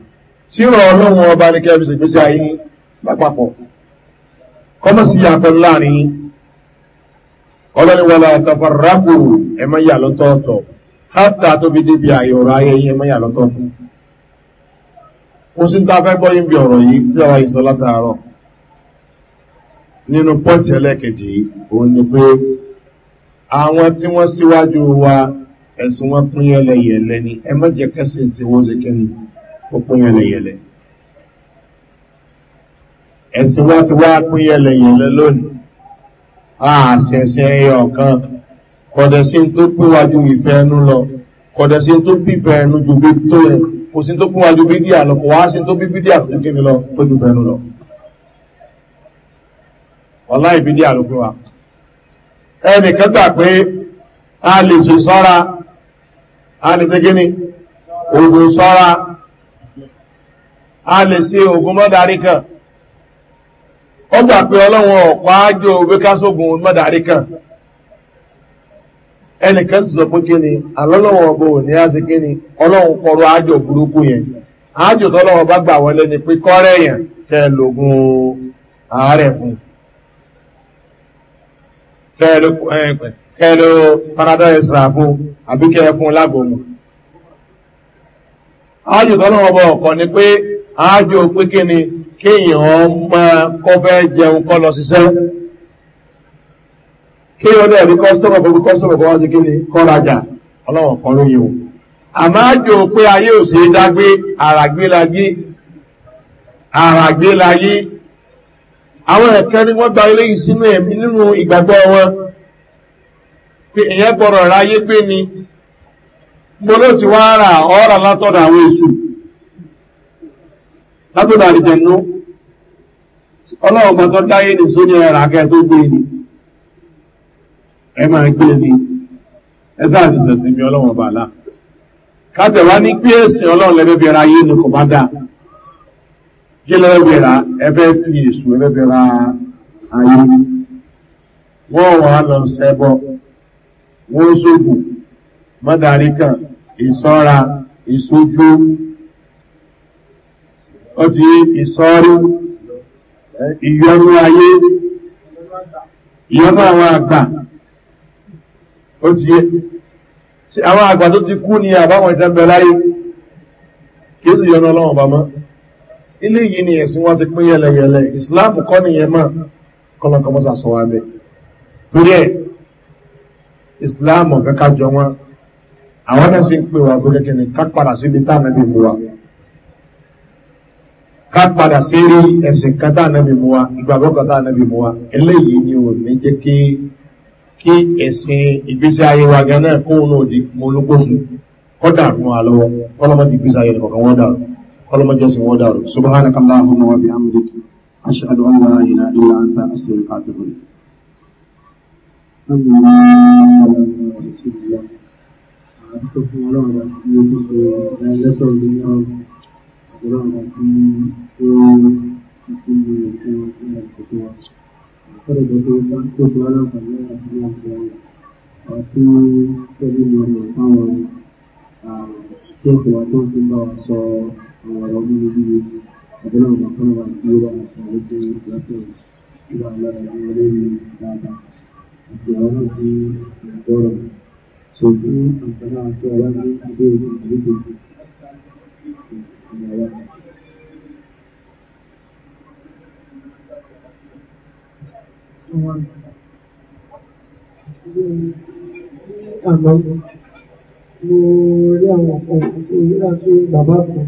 tí ìrọ̀ ọlọ́run ọba ní kẹ́mi sì gbèsè ayé lápapọ̀ kọ́mọ̀sí yàtọ̀ láàrin ọlọ́ni wọlé àtàfàràkùrù ẹ mọ́ yà lọ́tọ̀ọ̀tọ̀ hátà tó fi débi àyọ̀rọ̀ ayé yẹn mọ́ yà lọ́tọ̀ọ̀tọ̀ nínú pọ́ǹtì ẹlẹ́kejì òun ni pé àwọn tí wọ́n síwájú wa ẹ̀sùn wọn pín yẹlẹyẹlẹ ni ẹ má jẹ́ kẹ́sìn tí wọ́n ṣe kẹ́ni ó pín yẹlẹyẹlẹ ẹ̀sìn wọn ti wá pín yẹlẹyẹlẹ lónìí àṣẹṣẹ ẹyọ kan kọ̀dẹ̀ sí tó pínwájú ìfẹ́ ẹnu lọ kọ̀dẹ̀ sí tó bíbẹ̀ ẹnu ju bí tó yẹ kò sí tó pínwájú bídíà lọ kò wá sí tó bí bídíà tó kémi lọ tó ju bẹ́ẹ̀ lọ. ọ̀lá ìbídí àlùkù wa ẹni gbà pé a lè ṣe sọ́ra a lè ṣe gíní ogun sọ́ra a lè ṣe ogun mọ́darí kan ó gbà pé ọlọ́wọ́n ọ̀pá ájò wíkásógun kan ẹnìkan sọ pé ni àlọ́lọ́wọ́ ọbọ̀ ò ní àti kí ni kọrọ ájò burúkú yẹn ájò bá gbà wọlé ni pé kọ́rẹ́ yẹn lògùn kẹ́ẹ̀lú panadol extra fún àbí kẹ́ẹ̀ fún lágbòmù ájò tọ́nà ọmọ ọ̀kọ̀ ni pé ájò pé ni kéèyàn máa kọ́ fẹ́ jẹun kọ́ lọ síṣẹ́ kéèyàn náà rí kọ́sítọ́mọ̀ pẹ̀lú kọ́sítọ́mọ̀ kọ́ wá sí kí ni kọ́rajà ọlọ́wọ̀n kan ló yẹ̀wò àmọ́ ájò pé ayé ò sí dágbé àràgbélagé àràgbélagé àwọn ẹ̀kẹ́ ni wọ́n gba eléyìí sínú ẹ̀mí nínú ìgbàgbọ́ wọn pé èyẹ́ gbọ́rọ̀ ráyé gbé ni mo ló ti wá rà ọ́rà látọ̀dọ̀ àwọn èṣù látọ̀dọ̀ àrìjẹ̀nú ọlọ́run tó dáyé ní sóní ẹ̀rà akẹ́ tó ni ẹ máa gbé ni ẹ sáà ti sẹ̀sìn mi ní pé ẹ̀sìn ráyé kò bá dáa kí lọ gbèrà ẹbẹ́ tí èṣù ẹlẹ́bẹ̀ ra ayé wọ́n wà lọ sẹ́bọ̀ wọ́n sógùn mọ́dàrí kan ìṣọ́ra ìṣójú ó ti ìṣọ́rí ìyọnú ayé ìyọnú àwọn àgbà ó ti àwọn àgbà tó ti kú ní àbáwọn ìtẹ́bẹ̀ láyé kí ó sì yọnú ọlọ́run bàmọ́ ilé yìí ni ẹ̀sìn wọn ti pín yẹlẹyẹlẹ ìsìláàmù kọ́ nìyẹn mọ́ kọ́lọ́kọ́mọ́sà sọ wá bẹ́ẹ̀ torí ẹ̀ ìsìláàmù ọ̀fẹ́ ká jọ wọn àwọn náà sì ń pè wá gbogbo kìnnì ká padà síbi tá ànábì mú wa ká padà sí rí ẹ̀sìn kan tá ànábì mú wa ìgbàgbọ́ kan tá ànábì mú wa eléyìí ni ò ní jẹ́ kí kí ẹ̀sìn ìgbésí ayé wa gan náà kóhun náà di mọ́lúkóṣù kọ́ dàrú wa lọ́wọ́ kọ́lọ́mọ́ ti gbésí ayé nìkan wọ́n dàrú ọlọ́mọdé sì wọ́n dàrú subhanaka allahumma wa bihamdik ashhadu an la illa anta astaghfiruka wa atubu àwọn ọ̀rọ̀ onírúurú ọ̀gbọ́n náà kọ́nà wà ní ìwà àtàwọn tó lọ́tọ̀ ìwà lára àwọn olórí dáadáa àti àwọn náà tí ìgbọ́rọ̀ tó fún àǹfààní àti ọ̀rọ̀ ní abẹ́ ìgbàlejò ìyàwó. Àmọ́ mo rí àwọn ọ̀pọ̀ ìlú àti bàbá kan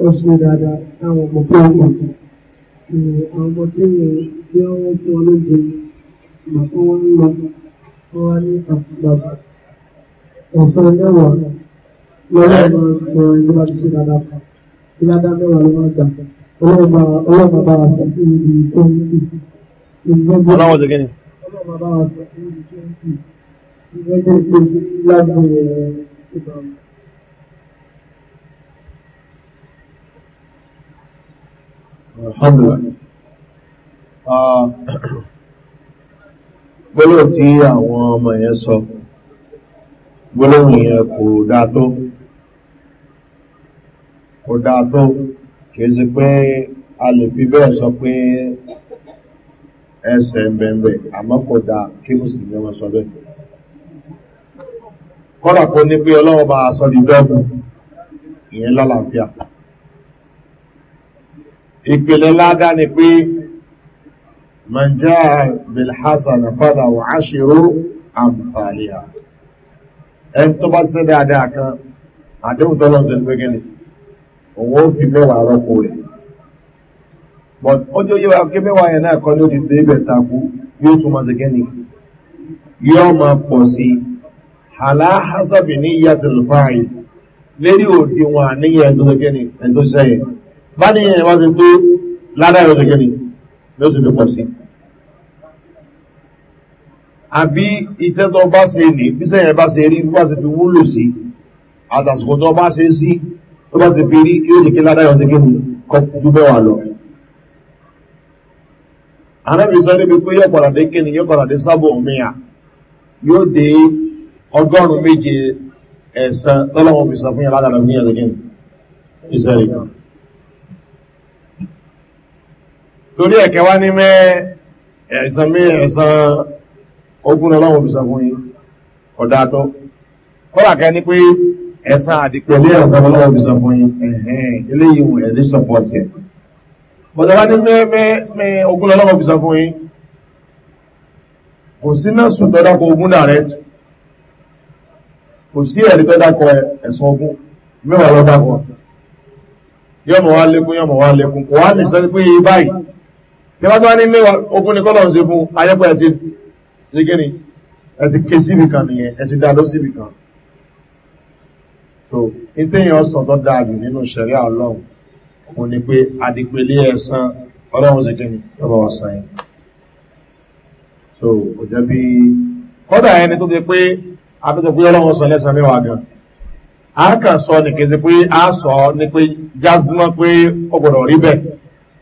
ó ṣe dáadáa táwọn ọmọ tó ń pàtó àwọn ọmọ tí mo bí wọ́n fún ọ lóde mà tó wọ́n lọ wọ́n wá ní àbàbà ọ̀sán mẹ́wàá lọ́wọ́ máa sọ ẹni bá ti ṣe dáadáa kan tí dáadáa mẹ́wàá ló máa gbà ọlọ́run bàbá wa sọ sí ibi tó ń bì. ọlọ́run ti gẹ́ni. ọlọ́run bàbá wa sọ sí ibi tó ń bì. ìgbẹ́jọ́ ìgbẹ́jọ́ lágbo ẹ̀ ìbàmù. Ah, gbólóhùn tí àwọn ọmọ yẹn sọ gbólóhùn yẹn kò dáa tó kò dáa tó kìí sí pé a lè fi bẹ́ẹ̀ sọ pé ẹsẹ̀ bẹ̀m̀bẹ̀ àmọ́ kò dáa kí mùsùlùmí ọmọ sọ bẹ́ẹ̀ kọ́dà ní pé ọlọ́wọ́ bá sọ ìpìlẹ̀ ládá ni pé mọ̀já bilhassan fada wà á ṣèrò àmfààlìyà ẹni tó bá ṣẹ́ dáadáa kan àdéhùn tó lọ́nà sẹ́ni pẹ́kẹ́ ni òun ó fi mẹ́wàá rọ́pò rẹ̀ but ó jẹ́ yíwa kí mẹ́wàá yẹn náà kọ́ ni ó ti dé ibẹ̀ takú yóò tún máa ṣe ni yóò máa pọ̀ sí aláhásábì ní ìyá tẹlifáì lérí òdiwọ̀n àníyàn ẹ̀dọ́gẹ́ni ẹ̀dọ́sẹ́yìn bá ní ẹ̀yẹ̀ wá ti pé ládá ìrọ̀sẹ̀ gẹ́ni ló sì fi pọ̀ sí àbí iṣẹ́ tó bá ṣe ní bíṣẹ́ yẹn bá ṣe rí bá ṣe fi wúlò sí àtàsìkò tó bá ṣe sí tó bá ṣe fi rí yóò jẹ́ kí ládá ìrọ̀sẹ̀ gẹ́ni kọ́ ju bẹ́wà lọ anábì sọ níbi pé yóò padà dé kíni yóò padà dé sábò òmìnira yóò dé ọgọ́rùn-ún méje ẹ̀sán tọ́lọ́wọ́ fi sọ fún yàrá ládàá lọ́gbìn yàrá lọ́gbìn ìṣẹ́rìí kan torí ẹ̀kẹ́ wá ní mẹ́ ẹ̀sán mí ẹ̀sán ogún ọlọ́run òbísàn fún yín ọ̀dà tó kọ́lá kẹ́ ní pé ẹ̀sán àdìpẹ̀lẹ́ ẹ̀sán ọlọ́run òbísàn fún yín eléyìí wọ̀ ẹ̀dí sọ̀pọ̀tì ẹ̀ bọ̀dọ̀ wá ní mẹ́ mẹ́ ogún ọlọ́run òbísàn fún yín kò sí náà sùn tọ́dá kọ ogún dàrẹ́ kò sí ẹ̀rí tọ́dá kọ ẹ̀sán ogún mẹ́wàá lọ́dá kọ yọmọ wa lékún yọmọ wa lékún kò wá ní pé báyìí tẹ́wàá tó wá ní mẹ́wàá okun ní kọ́lọ̀ ń se fún ayẹ́pẹ́ ẹ̀ ti ṣe kí ni ẹ̀ ti ké síbi kan nìyẹn ẹ̀ ti dáadọ́ síbi kan so ìtẹ́yìn ọ̀sán tó dáa jù nínú ṣẹ̀rí ọlọ́run òun ni pé àdìpẹ̀lẹ́ ẹ̀sán ọlọ́run ṣe kí ni ọba wa yẹn so kò jẹ́ bí kọ́dà ẹni tó ti pé àtúntò pé ọlọ́run sàn lẹ́sàn mẹ́wàá gan a kàn sọ ní kí pé a sọ ní pé jazmọ́ pé ó rí bẹ́ẹ̀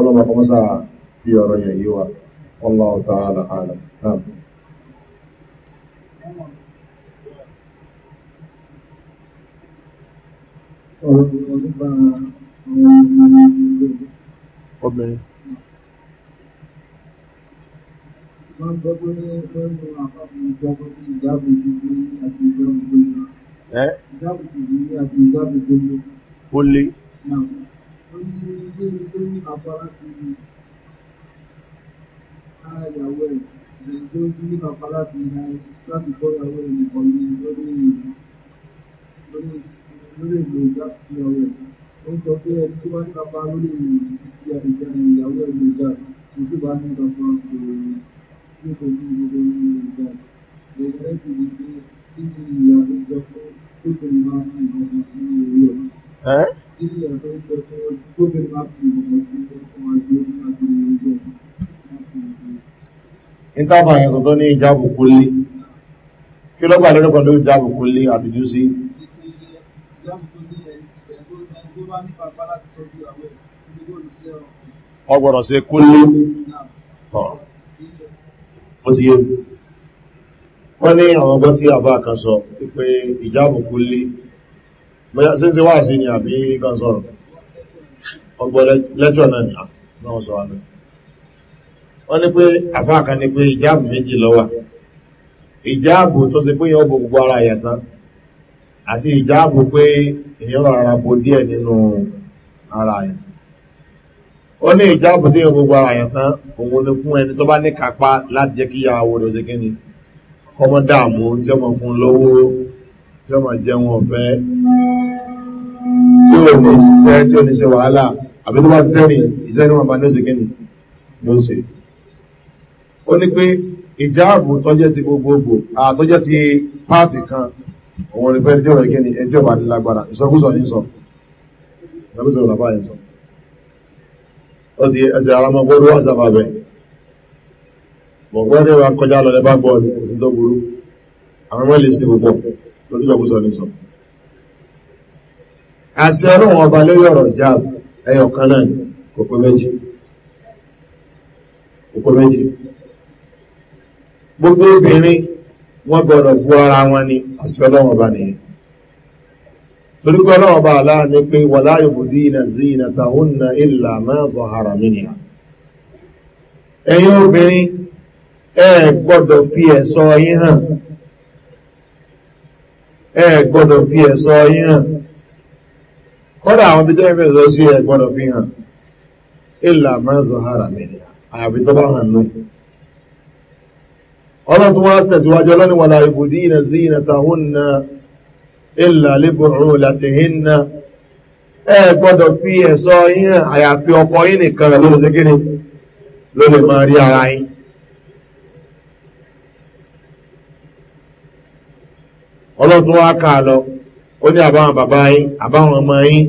ọlọ́mọ kọmọ́ sáà fi ọ̀rọ̀ yẹ̀ yí wa wallahu ta'ala a'lam náà obìnrin ẹ́ ó ṣé ni tó ní afárá ti di ara ìyàwó ẹ̀ ẹ̀yìn tó ní bàbá láti ìhà láti bọ́ ìyàwó ẹ̀ nìkan ní lórí lórí èdè ìjáde ìyàwó ẹ̀ ó sọ pé ẹni tó bá ní bàbá lórí ìjà ìjà ìyàwó ẹ̀ lè jà kò sì bá ní bàbá ìtàbà yẹn sọ̀tọ́ ní ìjábù kó lé kí lọ́gbà lọ́rọ̀ pẹ̀lú ìjábù kó lé àti jú sí ọgbọ̀rọ̀ sí kó lé tọ̀ ó ti yé wọ́n ní àwọn ọgbọ́n tí àbá kan sọ pé ìjábù kó lé bóyá sí sí wáàsí ni àbí kan sọ̀rọ̀ ọgbọ̀ lẹ́tọ̀ náà ni àwọn sọ wà náà wọ́n ní pé àfáàkan ni pé ìjáàbù méjì lọ́wà ìjáàbù tó ti pín ọgbọ̀ gbogbo ara yàtán àti ìjáàbù pé èèyàn ara bo díẹ̀ nínú ara yẹn ó ní ìjáàbù tí èèyàn gbogbo ara yẹn tán òun ni fún ẹni tó bá ní kápá láti jẹ́ kí ìyàwó rẹ̀ ṣe kí ni ọmọ dààmú tí ọmọ fún lọ́wọ́ tí ó máa jẹun ọ̀fẹ́ tí ò ní ṣiṣẹ́ tí ò ní ṣe wàhálà àbí tó bá ṣiṣẹ́ ní iṣẹ́ ní wọn bá ní oṣù kí ni ló ṣe. ó ní pé ìjáàbù tọ́jẹ́ ti gbogbogbò àtọ́jẹ́ ti páàtì kan òun ni pé ẹni tí ò rẹ̀ kí ni ẹni tí ò bá ní lágbára ìsọkúsọ ní sọ ìsọkúsọ ní báyìí sọ. ó ti ẹsẹ̀ ara mọ́ gbọ́dọ̀ wà sábà bẹ́ẹ̀ bọ̀gbọ́dọ̀ wa kọjá lọ lẹ́ bá gbọ́ ọ̀sìn tó burú àwọn ọmọ ìlú sí gbogbo lọ́sọ̀kúsọ ní sọ. àṣẹ ọlọ́run ọba lórí ọ̀rọ̀ jáàbù ẹyọ kan náà ni kò pé méjì kò pé méjì gbogbo obìnrin wọn gbọdọ̀ bu ara wọn ni àṣẹ ọlọ́run ọba nìyẹn torí ọlọ́run ọba àlá ni pé wàlá ìbòdí iná sí iná tàhún na ìlà máa bọ̀ ara mi nìyà ẹ̀yin obìnrin ẹ gbọ́dọ̀ fi ẹ̀sọ́ yín hàn ẹ gbọ́dọ̀ fi ẹ̀sọ́ yín hàn kọ́dà àwọn bí tẹ́lẹ̀ fẹ́sọ́ sí ẹ gbọ́dọ̀ fi hàn ìlà mẹ́sọ̀ hàrà mẹ́rin àbí tó bá hàn náà ọlọ́run tó wá tẹ̀síwájú ọlọ́ni wà láì bùdí ẹ gbọ́dọ̀ fi ẹ̀sọ́ yín àyàfi ọkọ̀ yín nìkan lórí lórí máa rí ara yín ọlọ́run tó wá ká lọ ó ní àbáwọn bàbá yín àbáwọn ọmọ yín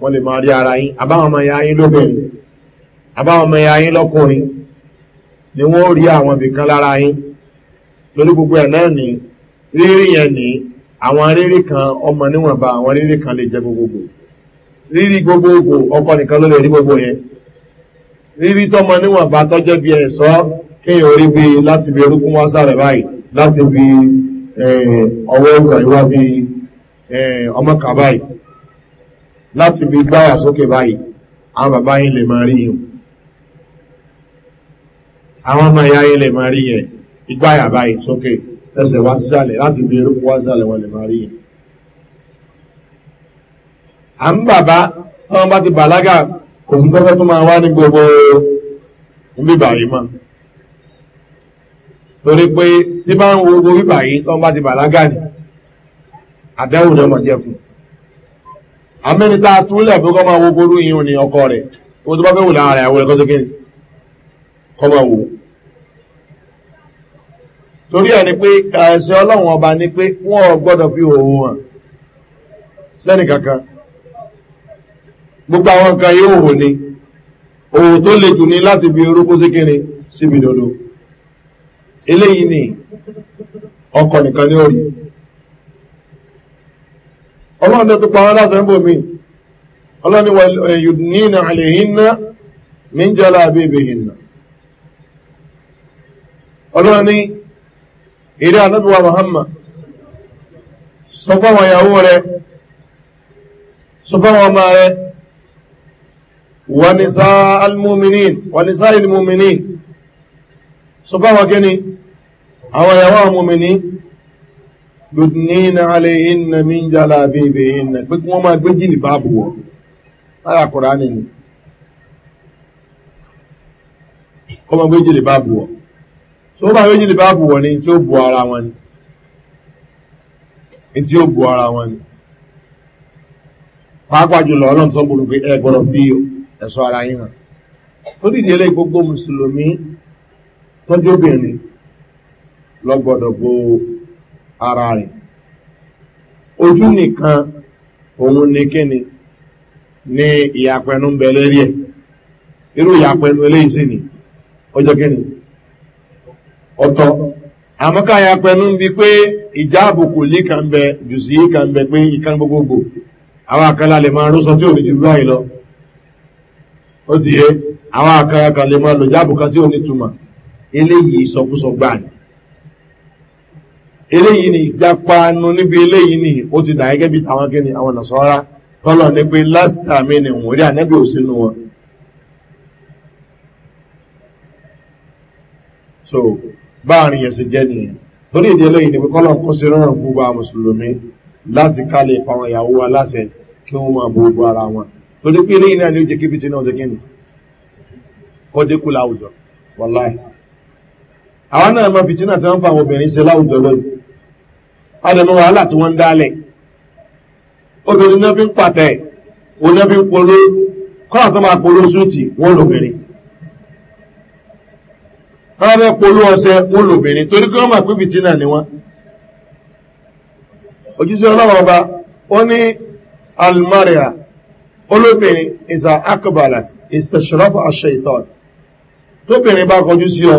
wọ́n lè máa rí ara yín àbáwọn ọmọ ya yín lóbìnrin àbáwọn ọmọ ya yín lọ́kùnrin ni wọ́n rí àwọn ibìkan lára yín lórí gbogbo ẹ̀ náà ní rírí yẹn ní àwọn rírí kan ọmọ níwọ̀nba àwọn rírí kan lè jẹ gbogbogbò rírí gbogbogbò ọkọ nìkan ló lè rí gbogbo yẹn rírí tọmọ níwọ̀nba tọ́jọ́ bí ẹ̀ sọ kéèyàn orí bí láti bí orúkún wá sáré báyìí láti bí Eh, ọwọ́ ọkà ìwá bí eh, ọmọ kàbáyì láti bí gbáyà sókè báyìí àwọn bàbá yìí lè máa rí yìí àwọn ọmọ ìyá yìí lè máa rí yẹn igbáyà báyìí sókè ẹsẹ̀ wá sísàlẹ̀ láti bí erúkú wá sísàlẹ̀ wọn lè máa rí yẹn à ń bàbá tọ́wọ́n bá ti bàlágà torí pé tí bá ń wo owó bíbà yìí tó ń bá ti bàlágà ní àdẹ́hùn náà mọ̀jẹ́kùn àmẹ́ni tá a túnlẹ̀ fún kọ́ máa wo gbóró yìí ní ọkọ rẹ̀ ó tó bá fẹ́ wò láàrin àwọn ẹ̀kọ́ tó kéde kọ́ máa wò torí ẹ̀ ni pé ẹ̀ṣẹ̀ ọlọ́run ọba ni pé wọ́n gbọ́dọ̀ fi òun hàn sẹ́nì kankan gbogbo àwọn kan yóò wò ni òun tó le jù ní láti fi orúkú sí síbi dodo eléyìí ni ọkọ̀ nìkan ní orí ọlọ́run tó tó pa wọn láti ẹ̀bọ̀ mi ọlọ́run ni wọ́n nínú àlèhínná ní jẹ́lá àbíbìhínná ọlọ́run ni eré anábíwá muhammad sọ fáwọn ìyàwó rẹ sọ fáwọn ọmọ rẹ wọ́n ni sáà almúminin wọ́n ni sáà ilmúminin so báwọn gẹ́ni àwọn ìyàwó àmúmi ní yudnina alayhinna min jalabibihinna pé kí wọ́n máa gbé jìnnì báàbù wọ̀ lára kùránì ni wọ́n máa gbé jìnnì báàbù wọ̀ so wọ́n máa gbé jìnnì báàbù wọ̀ ni tí ó bu ara wọn ni pàápàá jùlọ ọlọ́run tó ń bolo fi ẹ̀sọ́ ara yín hàn ó dìde eléyìí gbogbo mùsùlùmí tọ́jọ́bìnrin lọ gbọ́dọ̀ bo ara rẹ̀ ojú nìkan òun ní kíni ní ìyàpẹnu ń bẹ lérí ẹ̀ irú ìyàpẹnu eléyìí sì ni ọjọ́ kíni ọ̀tọ̀ àmọ́ká ìyàpẹnu ń bi pé ìjà àbùkù lè kàn bẹ jùsí yìí bẹ pé ìkan gbogbogbò àwọn àkàlà lè máa rúsọ tí báyìí lọ ó ti yé eléyìí sọkúsọ gbáà ni eléyìí ni ìgbapanu níbi eléyìí ni ó ti dà gẹ́gẹ́ bí tàwọn kí ni àwọn nàṣọ́ra tọ́lọ̀ ní pé lásìtà mi ni wọ́n rí ànẹ́bí ò sínú wọn so báàrin yẹn sì jẹ́ nìyẹn torí ìdí eléyìí ni pé kọ́lọ̀ kó sí rọrùn fún bá mùsùlùmí láti ká lè pa àwọn ìyàwó wa láṣẹ kí wọ́n máa bo gbogbo ara wọn torí pé eléyìí náà ni ó jẹ́ kíbi náà ṣe kí ni kọ́ dínkù láwùjọ wọ́n àwọn náà mọ fìtínà tí wọ́n ń fa àwọn obìnrin ṣe láwùjọ lónìí adẹ̀mọ wàhálà tí wọ́n ń dálẹ̀ obìnrin náà fi ń pàtẹ òun náà fi ń polo kọ́nà tó máa polo súùtì wọ́n lóbìnrin wọ́n fẹ́ polo ọsẹ wọ́n lóbìnrin torí kí wọ́n máa pé fìtínà ni wọ́n ojúṣe ọlọ́run ọba ó ní almaria olóbìnrin isa akabalat istashrafa aṣe ìtọ́ tóbìnrin bá kọjú sí ọ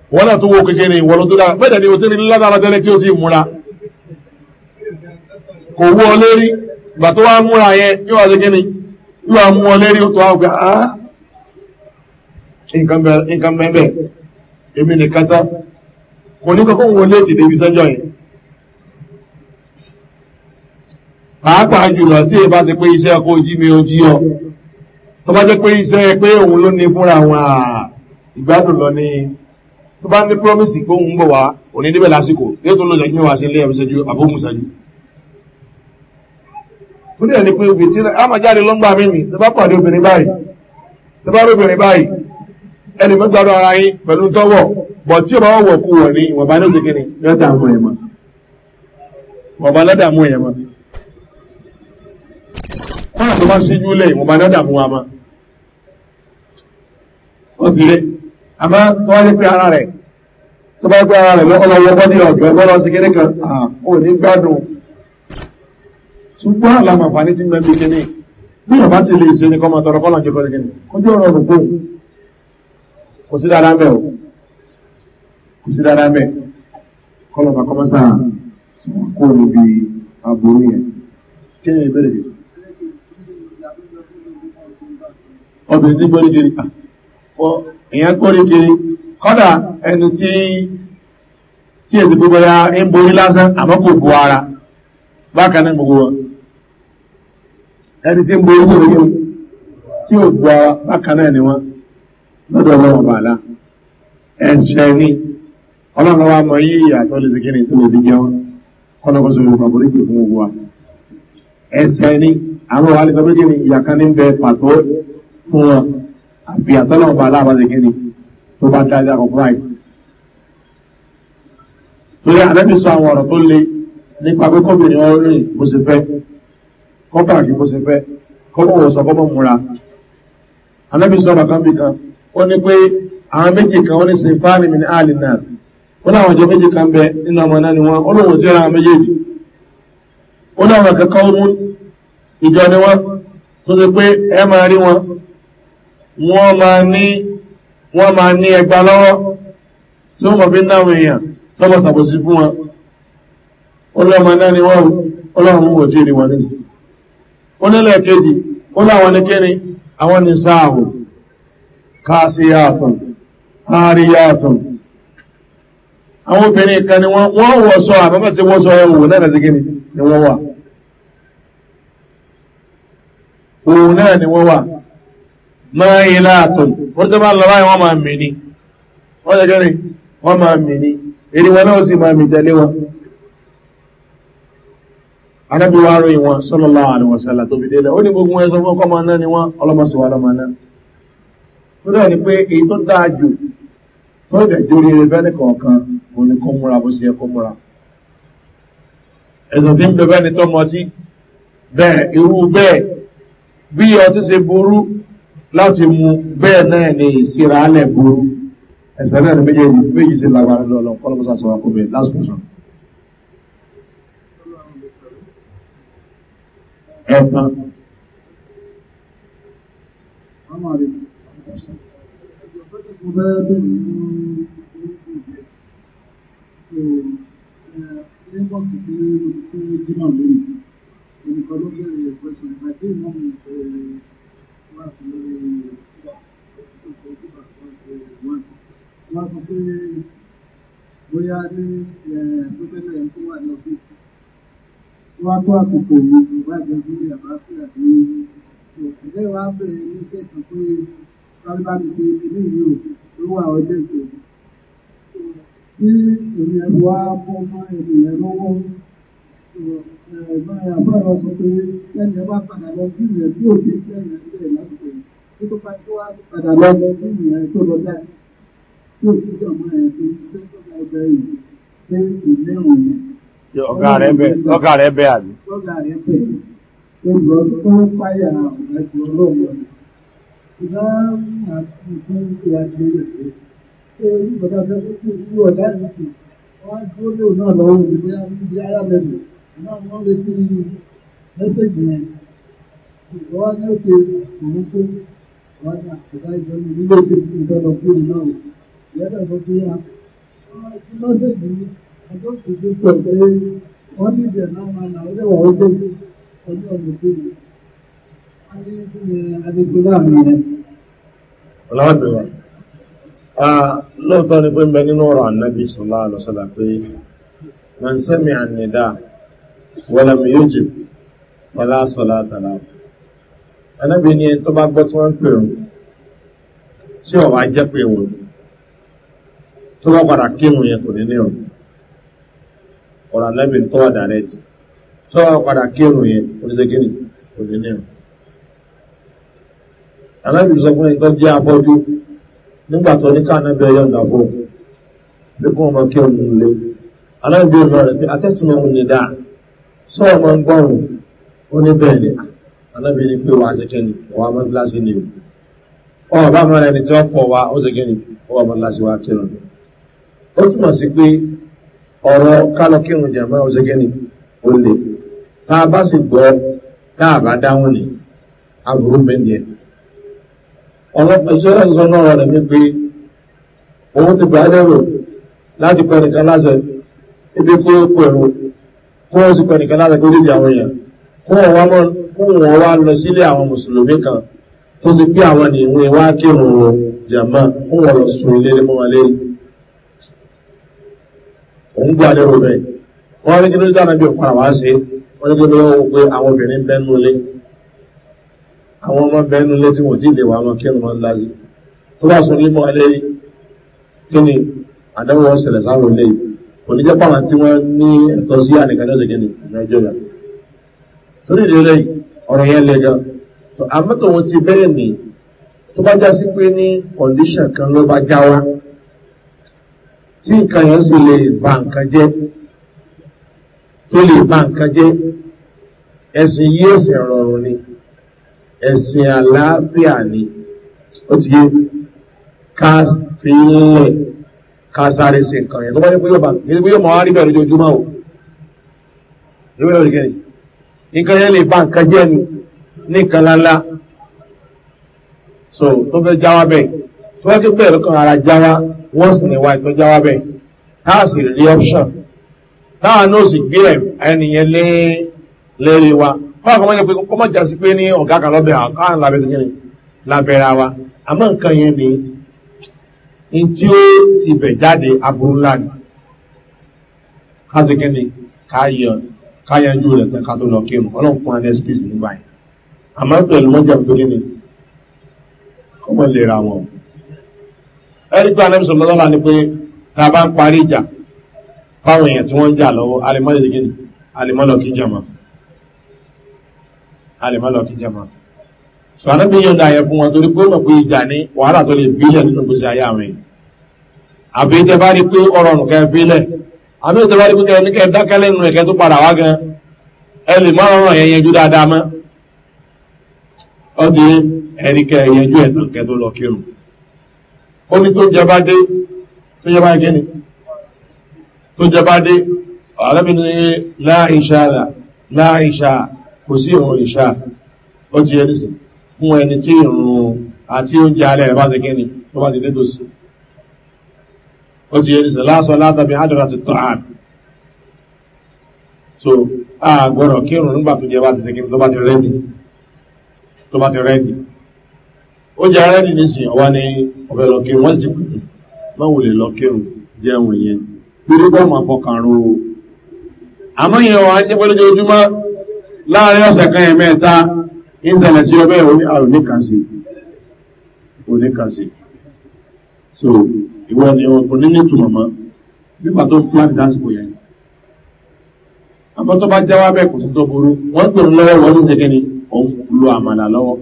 wọ́n náà tó wó kékeré ìwọ̀n tó dára bẹ́ẹ̀ ni o ti rí ládàra tẹ́lẹ̀ kí o sì múra kò wú ọ lérí ìgbà tó wá múra yẹn yóò wá lékè ni yóò wá mú ọ lérí ó tó wá gbà á nǹkan bẹ́ẹ̀ èmi nìkan tán kò ní kankan wọ léètì débi sẹ́jọ́ yẹn pàápàá jùlọ tí èyí bá ṣe pé iṣẹ́ ọkọ̀ ojú mi ojú ọ tó bá jẹ́ pé iṣẹ́ pé òun ló ní fúnra wọn ìgbádùn lọ ní tó bá ní promise pé òun ń bọ̀ wá òní níbẹ̀ lásìkò yóò tó lọ́jọ́ kí wọ́n wá sí ilé ẹ̀rọ ìṣẹ́jú àbóhùn ó ní ẹni pé ibi tí a máa jáde lọ́ngbà mí ni tó bá pàdé obìnrin báyìí tó bá rí obìnrin báyìí ẹni mẹ́ta ọ̀dọ̀ ara yín pẹ̀lú tọ́wọ̀ bọ̀ tí ò bá wọ̀ kú wọ̀ ní ìwọ̀nba ní òṣèké ni lọ́dà mú ẹ̀ mọ́ ìwọ̀nba lọ́dà mú ẹ̀ mọ́ kọ́nà tó bá síjú lẹ̀ ìwọ̀nba lọ́dà mú wa mọ́ wọ́n ti lé àmọ́ tó wáyé pé ara rẹ̀ tó bá gbé ara rẹ̀ lọ́kọ́lọ́ wọ́pọ́ ní ọ̀gbẹ́ bọ́lọ́ sí kéré kan ò ní gbádùn ṣùgbọ́n àlàmà fàní ti mẹ́bí kíní bí ọba ti lè ṣe ní kọ́mọ tọrọ kọ́lọ̀ jẹ́ kọ́lọ̀ kíní kọjú ọ̀rọ̀ ọ̀rọ̀ gbóhùn kò sí dáadáa mẹ́ o kò sí dáadáa mẹ́ kọ́lọ̀ bá kọ́mọ́sà kó níbi àbúrú yẹn kí ni ìbéèrè yìí ọbẹ̀ nígbẹ́rẹ́ èèyàn kórí kiri kọ́dà ẹni tí tí èsì gbogbo ya ń borí lásán àmọ́ kò bu ara bákan náà gbogbo wọn ẹni tí ń borí kò yíò tí ò bu ara bákan náà ni wọn lọ́dọ̀ ọlọ́run bàálá ẹ̀ṣẹ̀ ni ọlọ́run wa mọ yí àtọ́ lè sikiri tó lè fi jẹun kọ́nàkọ́sọ yorùbá borí kì fún gbogbo wa ẹ̀ṣẹ̀ ni àwọn wa sọ pé kí ni ìyàkan ní bẹ pàtó fún wọn. àfi àtọ́nà ọba aláàbáṣe ala tó bá dájá ọkùnrin torí àdẹ́bí sọ àwọn ọ̀rọ̀ tó le nípa pé kọ́bìnrin wọn bó ṣe fẹ́ kọ́kà kí bó ṣe fẹ́ kọ́kọ́ wọ̀ sọ kọ́kọ́ múra. àdẹ́bí sọ kan ó ní pé àwọn méjì kan ó ní sin fáàlì mi ní àlì náà ó ọjọ́ méjì kan bẹ nínú ọmọ náà ni ó lóun ni tó ṣe pé ẹ máa rí wọn wọ́n máa ní wọ́n máa ní ẹgbà lọ́wọ́ tí ó mọ̀ bí náwọn èèyàn lọ́bọ̀ sàbòsí fún wọn náà ni wọ́n ní sí onílẹ̀ kejì ó ní kíni àwọn ní yàtùn àárí yàtùn àwọn obìnrin kan ni wọ́n wọ́n wọ́ sọ àbẹ́bẹ́ sí wọ́n sọ ẹ̀wò náà sí kíni ni wọ́n wà òun náà ni wọ́n wà máìlátùn orúkọ bá lọ báyìí wọ́n máa mì ní wọ́n jẹ́ gẹ́rin wọ́n máa mì ní èrí wọn náà sì máa mì tẹ́lé wọn anábíwá rú ìwọ̀n sọ́lọ́lá àríwọ̀sálà tó fi délẹ̀ ó ní gbogbo ẹ̀sọ́ fún ọkọ̀ máa náà ni wọ́n ọlọ́mọsíwá lọ́mọ náà tó dẹ̀ ni pé èyí tó dáa jù tó dẹ̀ jórí rẹ̀ bẹ́ẹ̀ ní ẹ̀sùn tí ń bẹ ni tó mọtí bẹ́ẹ̀ irú bẹ́ẹ̀ bí ọtí ṣe burú láti mú bẹ́ẹ̀ náà ni ìsira alẹ́ burú ẹ̀sẹ̀ náà ni méjèèjì méjì sí lágbára lọ́lọ́ kọ́lọ́mọ́sá sọ akóbẹ̀ last question. ẹ̀kan. Lagos ti ní Jimá lónìí, ẹnìkan ló bẹ̀rẹ̀ ẹ̀kọ́ ìṣẹ̀lẹ̀ àti ìmọ̀ ìṣẹ̀lẹ̀ láti lórí wọ́n sọ pé bóyá ní pẹ́tẹ́lẹ̀ tó wà ní ọ́fíìsì tó wá tó àsìkò ìlú ìwádìí lórí àbáfíà ní ìdílé wa bẹ̀rẹ̀ ní iṣẹ́ kan pé káríbáni ṣe ilé ìwé ò ló wà ọjọ́ ìgbòho tí ènìyàn wá bọ́ mọ́ ènìyàn lọ́wọ́ ẹ̀gbọ́n àbọ̀ ẹ̀rọ sọ pé lẹ́nu ẹ bá padà lọ bí ìyẹn bí òde iṣẹ́ ìyẹn bẹ̀rẹ̀ lásìkò yìí tó bá tó wá padà lọ lọ bí ìyẹn tó lọ dá tí ò tún jọmọ ẹ̀ tó iṣẹ́ tó lọ bẹ yìí pé kò lẹ́wọ̀n yẹn. ọ̀gá rẹ̀ bẹ̀ ọ̀gá rẹ̀ bẹ̀ àbí. ọ̀gá rẹ̀ bẹ̀ olùrọ̀ tó páyà ẹ̀sùn ọlọ́run ìgbà àti ìfún ìyàgbé rẹ̀ pé ìgbàdàgbẹ́ tó kú ọ̀dà ìsìn wọ́n á dúró lóun náà lọ́wọ́ ìgbé ara náà wọ́n lè fi mẹ́sẹ̀gì yẹn ìwọ́n á ní òkè òun kó wọ́n ní àkùdá ìjọ ní ilé ìṣe ìjọ lọ kú ní náà ìyẹ́dà sọ fún yà mẹ́sẹ̀gì ẹjọ́ kò sí pọ̀ pé wọ́n ní ìjẹ̀ náà máa nà ó lẹ́wà ó dé ọjọ́ ọ̀dọ̀ kú ni a ní fún mi adéṣọlá mi rẹ̀. ọlọ́dúnrún lóòótọ́ ni pé ń bẹ nínú ọ̀rọ̀ ànábì sallallahu alaihi wasallam pé man sami'a an-nidaa ولم يجب فلا صلاة له anábì ni ẹni tó bá gbọ́ tí wọ́n Si pè ọ́n tí ọ̀wá jẹ́ pé wọ́n tó bá padà kírun yẹn kò ní ní ọ̀rọ̀ ọ̀rọ̀ anábì tó wà dàrẹ́tì tó bá padà kírun yẹn kò ní ṣégin kò ní ní ọ̀rọ̀ anábì sọ fún ẹni tó jẹ́ abọ́jú nígbà tó ní ká anábì ọyọ́ ńlá fún un sọ ọmọ ń gbọ́rùn ó ní bẹ́ẹ̀ ni alábìnrin pé wàá ni o ọmọ bá mọ́ra ẹni tí wọ́n fọ̀ wá ó ṣe kẹ́ni ó wà mọ́ gíláàsì wá kírun ó túmọ̀ sí pé ọ̀rọ̀ kálọ kírun jàmá ó ó tá a bá sì gbọ́ tá a bá dáhùn ni aburú wọ́n ẹ̀sùn kan nìkan láti gbóríbi àwọn èèyàn kún wọ́n wá lọ sílé àwọn mùsùlùmí kan tó ti pé àwọn nìwé wá kírun wọn jàmá kún wọ́n lọ sùn ilé ní mọ́wálé òun gbà lérò bẹ́ẹ̀ wọ́n rí kílódé dáná bí òkú àwọn àṣẹ wọ́n ní kílódé wọ́n pé àwọn obìnrin bẹ́nu lé àwọn ọmọ bẹ́nu lé tí wọ́n ti lè wà wọn kírun wọn lásì tó bá sùn ní mọ́wálé kí àdáwọ̀ ṣẹlẹ̀ sáwọn ilé kò ní jẹ́ pàmà tí wọ́n ní ẹ̀tọ́ sí ànìkan lọ́sẹ̀ gẹ́ni ìrìnàjò rẹ̀ torí ìdílé ọ̀rọ̀ yẹn lẹ gan tó ní ba nǹkan jẹ́ tó lè ba nǹkan jẹ́ ẹ̀sìn yí ẹ̀sìn rọrùn ni ẹ̀sìn àlàáfíà ni ó ti yé ká fi ká sáré sí nǹkan yẹn tó bá yẹ fún yóò bá nígbà yóò máa rí bẹ̀rù ojoojúmọ́ o lórí ọ̀rọ̀ ìgbẹ́ni nǹkan yẹn lè ba nǹkan jẹ́ ni nǹkan lánlá so tó fẹ́ jáwá bẹ́ẹ̀ tó fẹ́ kíkọ́ ẹ̀rọ kan ara jáwá wọ́n sì ní wa ìtọ́ jáwá bẹ́ẹ̀ táà sì rí option táà náà sì gbé ẹnìyẹn lé lérí wa fún àkọ́mọ́ yẹn pé kọ́mọ́ jà sí pé ní ọ̀gá ni in tí ó ti bẹ̀ jáde aburú ńlá ni kásìkí ni káyanjú rẹ̀ tán ká tó lọ kí wọn ọlọ́run fún ẹni skills nígbà yẹn àmọ́ pẹ̀lú mọ́jà torí ni ọmọ lè ra wọn. ẹni tó anẹ́bí sọ̀rọ̀ lọ́la ni pé tá a bá ń parí ìjà fáwọn èèyàn tí wọ́n ń jà lọ́wọ́ alimọ́lẹ̀ kí ni alimọ́lọ̀ kí sọ̀rọ̀ bí yọ̀ǹda yẹn fún wọn torí pé ó mọ̀ ìjà ní wàhálà tó lè nínú gbèsè ayé àwọn àbí tẹ bá rí pé ọ̀rọ̀ ọ̀nù kẹ́ bílẹ̀ àbí tẹ bá rí pé kẹ́ ẹ̀kẹ́ tó padà wá gan ẹ lè má rọrùn ẹ̀yẹn yẹn ju dáadáa mọ́ ọdí ẹni kẹ́ ju ẹ̀tàn kẹ́ tó lọ kírun ó ní tó dé tó kíni tó kò sí ó ti fún ẹni tí ìrùn àti oúnjẹ alẹ́ rẹ̀ bá ti kíni tó bá ti dé tó sí. ó ti yẹn sọ lásán látàbí àdúrà ti tọ́ àmì. so a gbọ́dọ̀ kírun nígbà tó jẹ bá ti kíni tó bá ti rẹ́dì tó bá ti rẹ́dì. ó jẹ rẹ́dì nísìnyí ọwọ́ ni ọ̀bẹ lọ kírun wọ́n sì ti pè é báwo lè lọ kírun jẹun yẹn torí bá wọn fọkàn ro àmọ́ yẹn wà á jẹ́ pẹ́ lójoojúmọ́ láàrin ọ̀sẹ̀ kan yẹn mẹ́ta ìṣẹ̀lẹ̀ sí ọbẹ̀ òní àrùníkànsí oníkànsí so ìwọ ni ọkùn ní ní tùmọ̀mọ́ nígbà tó ń plan dásìkò yẹn àmọ́ tó bá jáwá bẹ́ẹ̀ kò sí tó burú wọ́n tó ń lọ́wọ́ wọ́n tó ń ṣe kíni òun lo àmàlà lọ́wọ́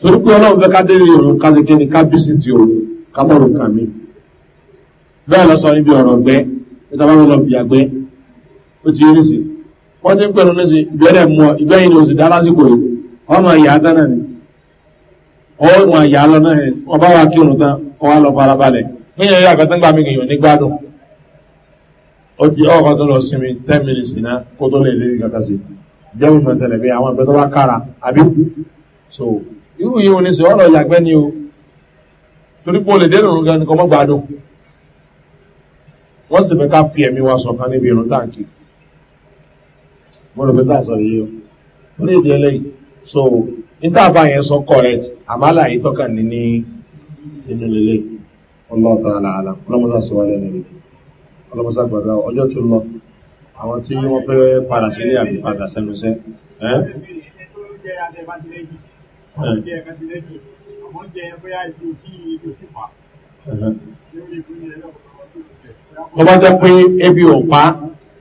torí pé ọlọ́run fẹ́ ká délé òun ká ṣe kíni ká bísí ti òun ká mọ̀rọ̀ kà mí bẹ́ẹ̀ lọ sọ níbi ọ̀rọ̀ gbẹ́ nígbà bá wọn lọ fìyà gbẹ́ ó ti yé nísìnyí wọ́n ti ń pẹ̀lú ní ìbẹ̀rẹ̀ mọ́ ìgbẹ̀yìn oṣù dá lásìkò yìí wọ́n máa yà á tán náà ni ọwọ́ ìwọ̀n àyà lọ náà ni wọ́n bá wà kí òun tán ọwọ́ lọ farabalẹ̀ nínú ẹ̀rọ àgbẹ̀tán gbà mí kìyàn ní gbádùn ó ti ọwọ́ kan tó lọ sinmi ten minutes kó tó lè kàkà sí bí àwọn kára àbí so irú sọ ọ̀rọ̀ o torí dé gan ni kọ́ mọ́ gbádùn wọ́n sì fẹ́ ká wa sọ̀kan níbi táǹkì mo rò pé tá a sọ yìí o ó lè di eléyìí so ìtàbà yẹn sọ correct àmàlà yìí tọ́ka ní ní inú lélẹ̀ ọlọ́ọ̀ta àlàálà ọlọ́mọsá sọ wà lẹ́nu rẹ̀ ọlọ́mọsá gbàgbà ọjọ́ tó lọ àwọn tí wọ́n fẹ́ padà sílé àbí padà sẹ́nu sẹ́ ẹ́ tó bá jẹ́ pé ebi ò pa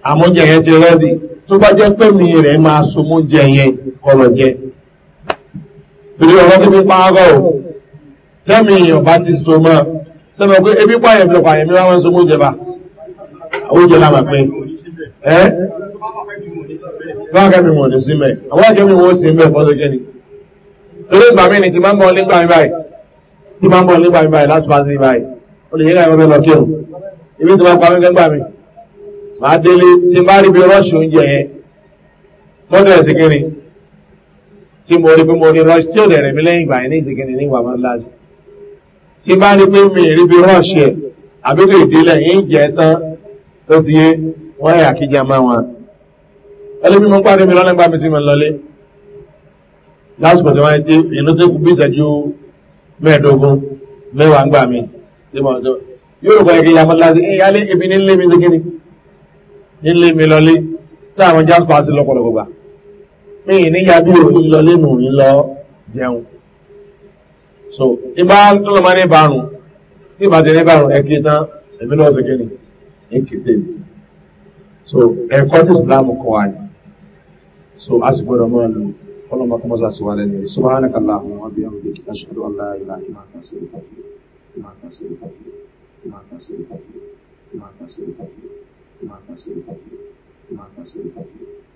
àmójẹ yẹn ti rẹ́dì tó bá jẹ́ pé mi rẹ̀ máa so mú jẹ yẹn ọ̀rọ̀ jẹ torí ọ̀rọ̀ tó fi pààrọ̀ o tẹ́mi èèyàn bá ti so mọ́ sẹ́fẹ̀ pé ebi pààyàn mi ọ̀pààyàn mi wọ́n so mú jẹ bá oúnjẹ lámà pé ẹ́ lọ́wọ́ kẹ́mi mọ̀ ní símẹ̀ àwọn akẹ́mi wọ́n sì ń bẹ̀ fọ́tò jẹ́ ni torí ìgbà mí ni ti máa ń bọ̀ nígbà mi báyìí ti máa ń bọ̀ nígbà mi báyìí láti màá délé tí n bá rí bí rọ́ọ̀ṣì oúnjẹ yẹn tọ́jú ẹ̀ síkiri tí mo rí bí mo rí rọ́ọ̀ṣì tí ò dẹ̀ rẹ̀ mí lẹ́yìn ìgbà yẹn ní ìsìnkiri ní ìwà máa ń láṣẹ tí bá rí pé mi rí bí rọ́ọ̀ṣì ẹ̀ àbíkò ìdílé yín jẹ́ tán tó ti yé wọ́n yà kí jẹ́ máa wọn. ẹlẹ́bí mo ń pàdé mi lọ́lẹ́ gbàmí tí mo lọlé lásìkò tí wọ́n ti ìlú tó kú bí mẹ́ẹ̀ẹ́dógún mẹ́wàá gbà mí tí mo tó yóò rò pé kí yàmọ́ láti ìyálé ibi nílé mi ti kí nílé mi lọlé tí àwọn jasper á sí lọ́pọ̀lọpọ̀ gbà mí níyàbí òní lọlé mò ń lọ jẹun so ìbá tó lọ máa ní ìbárun tí ìbá ti ní ìbárun ẹ̀kí tán èmi náà ṣe kéde ẹ̀kí tèmi so ẹ̀kọ́ tí islam kọ́ wa so a sì gbọ́dọ̀ máa lò ọlọ́mọ kọ́mọ́ sá sí wa lẹ́nu rẹ̀ so wàhálà kàlá àwọn ọbẹ̀ ọmọ bíi kíkà ṣàdó ọ̀la ìlà ìmọ̀ àkàn ماتا سرپاتی ماتا شروعات